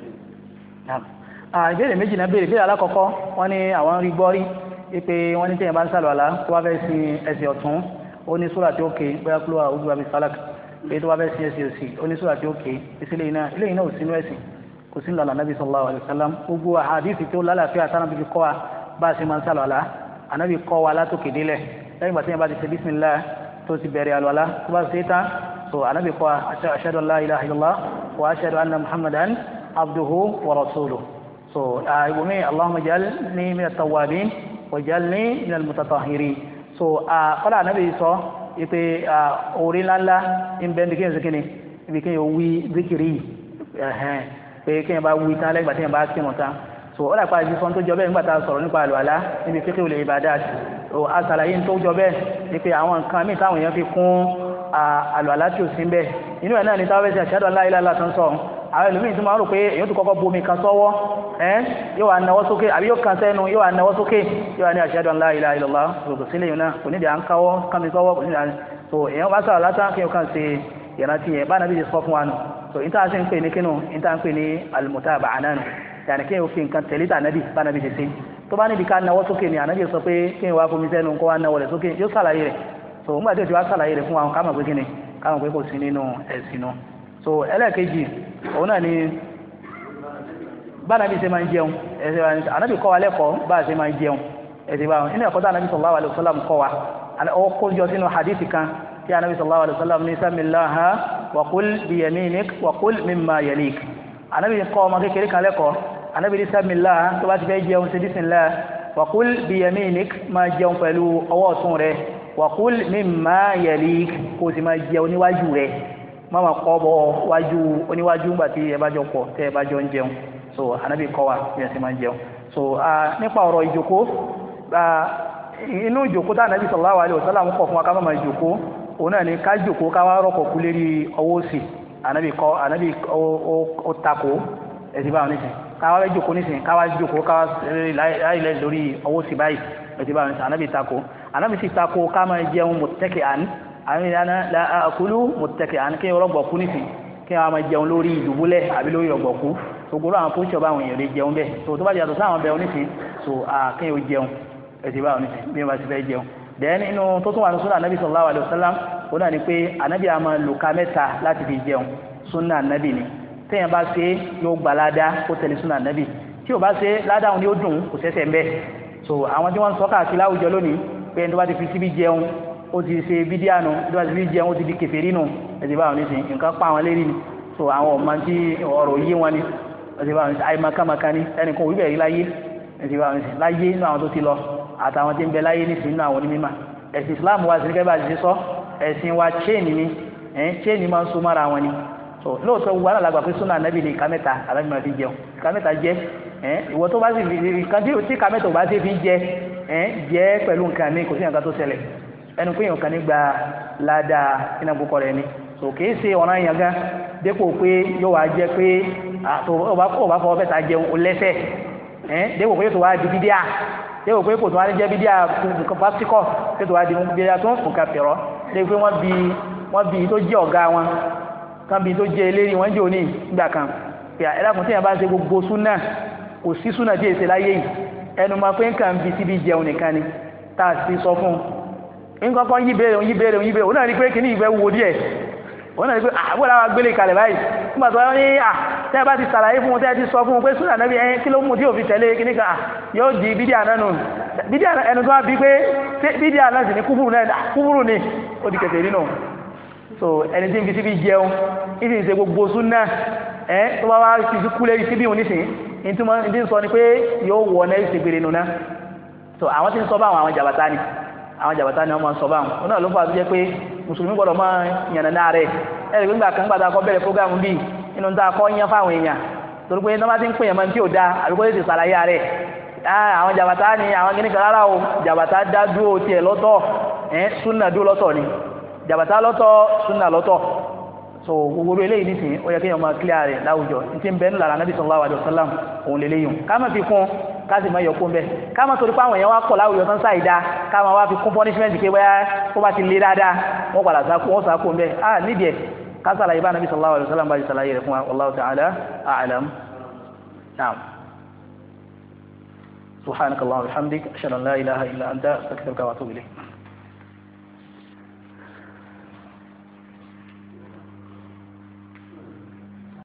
ìbéèrè méjì náà béèrè bí alákọ̀ọ́kọ́ wọ́n ní àwọn rí gbọ́ rí ipe wọ́n ní tẹ̀yìn bá ń sàlùwàlá tó bá fẹ́ sin ẹsẹ̀ ọ̀tún ó ní sùúrà tí ó ké bóyá kúlọ̀ àwọn ojúbàbí falak èyí tó bá fẹ́ sin ẹsẹ̀ òsì ó ní sùúrà tí ó ké ìsílẹ̀ iná ilé iná ò sínú ẹ̀sìn kò sínú lọ́la nàbí sallallahu alaihi wasallam gbogbo àdìsí tó lálàáfíà sànàbí fi kọ́ wa bá a ṣe máa ń sàlùwàlá ànábì kọ́ wa látòkè délẹ̀ lẹ́yìn ah, ibùmí allahumma ij'alni min at-tawwabin wàjálẹ́ ìnàlẹ́ mutatahiri so kọ́lá ànábì sọ ipe orí ńláńlá ń bẹ́ẹ̀ bíkẹ́ ìsìnkí ni ibi kí n wí zikiri ẹ̀hẹ́n pé kí n bá wí tán lẹ́gbàá tí n bá kí wọn tán so ó dàpọ̀ àti sọ́n tó jọ bẹ́ẹ̀ nígbà tá a sọ̀rọ̀ nípa àlùwàlá níbi fíkì olè ibadat so àṣàlàyé tó jọ bẹ́ẹ̀ ni pé àwọn nǹkan míì táwọn èèyàn fi kún àlùwàlá tí ò sí bẹ́ẹ̀ inú ẹ̀ náà ni táwọn fẹ́ ṣe àṣàdọ̀ láìláìlá tó ń sọ̀rọ̀ àwọn ẹlòmíì tún máa rò pé èyí tó kọ́kọ́ bomi kan sọ́wọ́ ẹ́ yóò wá náwó sókè àbí yóò kan sẹ́nu yóò wá náwó sókè yóò wá ní ashhadu an la ilaha illallah gbogbo sílẹ̀ yìí náà kò nídìí à ń káwọ́ kán mi sọ́wọ́ kò nídìí à ń so èèyàn bá sọ̀rọ̀ látàn kí n kàn ṣe ìrántí yẹn báyìí nàbí ti sọ fún wa nù so ìta ṣe ń pè ní kínú ìta ń pè ní al-mutaba'a náà nù yàrá kí n fi nǹkan tẹ̀lé tà nàbí bá nàbí ti ṣe tó bá níbi ká náwó sókè ni ànábì sọ pé kí n wá fomi sẹ́nu kó wá náwó rẹ̀ sókè o ti wá ṣàlàyé rẹ̀ fún wa ká mọ̀ òun náà ni bánabi ṣe máa ń jẹun ẹsẹ̀ wa anabi kọ́ wa lẹ́kọ̀ọ́ bá a ṣe máa ń jẹun ẹsẹ̀ wa nínú ẹ̀kọ́ tó anabi sallallahu alaihi wasallam kọ́ wa ó kójọ sínú hadith kan tí anabi sallallahu alaihi wasallam ní samilaha wakul biyaminik wakul mimma yalik anabi kọ́ ọmọ kékeré kan lẹ́kọ̀ọ́ anabi ní samilaha tó bá ti fẹ́ jẹun ṣe bisimillah wakul biyaminik máa jẹun pẹ̀lú ọwọ́ ọ̀tún rẹ wakul mimma yalik kó o sì máa jẹun níwájú rẹ má máa kọ́ bọ́ wájú oníwájú ńgbà tí ẹ bá jọ pọ̀ tẹ́ ẹ bá jọ ń jẹun so ànábì kọ́ wa bí wọ́n ti máa ń jẹun so nípa ọ̀rọ̀ ìjòkó inú ìjòkó tá ànábì sallallahu alaihi wasallam kọ̀ fún wa ká má máa ìjòkó òun náà ni ká jòkó ká wá rọ̀kọ̀ kú lérí ọwọ́ òsì ànábì kọ́ ànábì ó takò ẹ̀sìn báwọn nísìn káwá fẹ́ jòkó nísìn káwá jòkó káwá láìlẹ̀ lórí ọwọ́ òsì báyìí ẹ̀sìn báwọn nísìn ànábì takò ànábì sì takò ká máa jẹun mọ̀tẹ́kẹ̀ àní àwọn ìlànà àkúlù mọ̀tẹ́kẹ̀ àní kí rọ̀gbọ̀kú nìsín kí wọ́n máa jẹun lórí ìdùbúlẹ̀ àbí lórí rọ̀gbọ̀kú gbogbo àwọn fún ìṣọba àwọn èèyàn lè jẹun bẹ́ẹ̀ tó tó bá yàtọ̀ sáwọn bẹ́ẹ̀ oníṣìí so àkínyìn ó jẹun ẹ̀sìn báwọn tó tún wa sallam ó náà ni pé anabi a máa jẹun sunna anabi ni téèyàn bá ṣe yóò gba ládá ó bá ṣe ládá òun ni ó dùn kò sẹ́sẹ̀ ń bẹ́ẹ̀ so àwọn tí wọ́n ń sọ káàkiri láwùjọ lónìí pé ẹni tó bá ti fi síbi jẹun ó ti ṣe bídíà nù bí wọ́n ti fi jẹun ó ti di kèfèrí nù ẹ̀sìn báwọn ní sìn nǹkan pa àwọn lérí ni so àwọn ọmọ tí ọ̀rọ̀ yé wọn ni ẹ̀sìn báwọn ní sìn àìmọ̀kàmọ̀kà ni ẹnìkan òwúbẹ̀ rí láyé ẹ̀sìn báwọn ní sìn láyé nínú àwọn tó ti lọ àtàwọn tí ń bẹ láyé nísìnyí nínú àwọn onímọ̀ ẹ̀sìn Islam wa sílẹ̀ bá ti sọ ẹ̀sìn wa chain ni chain máa ń so mára wọn ni so lóòótọ́ gbogbo alàgbà pé súnà anábì ni ìka mẹ́ta alábì máa fi jẹun ìka mẹ́ta jẹ ìwọ tó bá sì fi nǹkan tí ìka mẹ́ta ò bá sì fi jẹ jẹ pẹ̀lú nǹkan mi kò sí nǹkan tó ṣẹlẹ̀ ẹnu pé èèyàn kan ní gba ládàá iná púpọ̀ rẹ̀ ni so kìí ṣe ọ̀nà yẹn gan dépò pé yóò wá jẹ́ pé ọba fọwọ́ fẹ́ ta jẹun lẹ́sẹ̀ dépò pé yóò tó wá di bídíà dépò pé kò tó wá jẹ́ bídíà nǹkan pásíkọ̀ yóò tó wá di bídíà tó ń fòkà fẹ̀rọ̀ dépò pé wọ́n bi wọ́n bi tó jẹ́ ọ̀gá wọn kan bi tó jẹ́ eléré wọn jò ní ìgbà kan ẹ tí yẹn bá ṣe gbogbo súnà kò sí súnà tí èsè láyé yìí ẹnu máa pé nǹkan bi síbi jẹun nìkan ni tá a ti sọ fún un nǹkan kan yí béèrè yí béèrè yí béèrè òun náà rí pé kíní ìfẹ́ wo díẹ̀ òun náà rí pé ah làwọn gbélé kalẹ̀ báyìí nígbà tó wọ́n ní à tẹ́ ẹ bá ti sàlàyé fún un tẹ́ ẹ ti sọ fún un pé súnà nàbí ẹyin kí ló mú tí òfin tẹ̀lé kíní kan ah, yóò di bídíà náà nù bídíà ẹnu tó wá bí pé bídíà náà sì ní kúbúrú náà ah, kúbúrú ni ó di kẹsẹ̀ nínú so ẹni tí n fi síbi jẹun ìfi ń ṣe gbogbo súnà ẹ tó bá wá fi kúlẹ̀ síbi òun nísìnyí ní tí wọ́n ti sọ ni pé yóò wọ̀ náà ìṣègbèrè nù so àwọn ti ń sọ báwọn àwọn jàbátá ni àwọn jàbátá ni wọ́n máa ń sọ báwọn wọn náà ló fà á tó jẹ́ pé mùsùlùmí gbọ́dọ̀ máa yànnà náà rẹ̀ ẹ̀rì gbígbà kan gbàdá akọ́ bẹ̀rẹ̀ fúgàmù bíi inú ta akọ́ yẹn fáwọn èèyàn torí pé tọ́ba ti ń pè yẹn máa ń tí ò da àbíkó lè ti sàlàyé rẹ̀ àwọn jàbátá ni àwọn gíní kan rárá o jàbátá dá dúró tiẹ̀ lọ́tọ̀ ẹ̀ súnà dúró lọ́tọ̀ ni jàbátá lọ́tọ̀ súnà lọ́tọ̀ so gbogbo eléyìí nísìnyí ó yẹ kéèyàn máa clear rẹ̀ láwùjọ ti ń bẹ nílára anábì sallallahu alaihi wasallam òun lélẹ́yìn ká má fi kún ká sì má yọ kún bẹ́ẹ̀ ká má torí pé àwọn èèyàn wá pọ̀ láwùjọ tán sáì dáa ká má wá fi kún punishment pé bóyá ó bá ti lé dáadáa wọ́n padà sá kún wọ́n sá kún bẹ́ẹ̀ ah nídìí ẹ̀ ká sàlàyé bá anábì sallallahu alaihi wasallam bá ti sàlàyé rẹ̀ fún wa wallahu ta'ala a'lam naam subhanakallahumma wa bihamdik ashhadu an la ilaha illa anta astaghfiruka wa atubu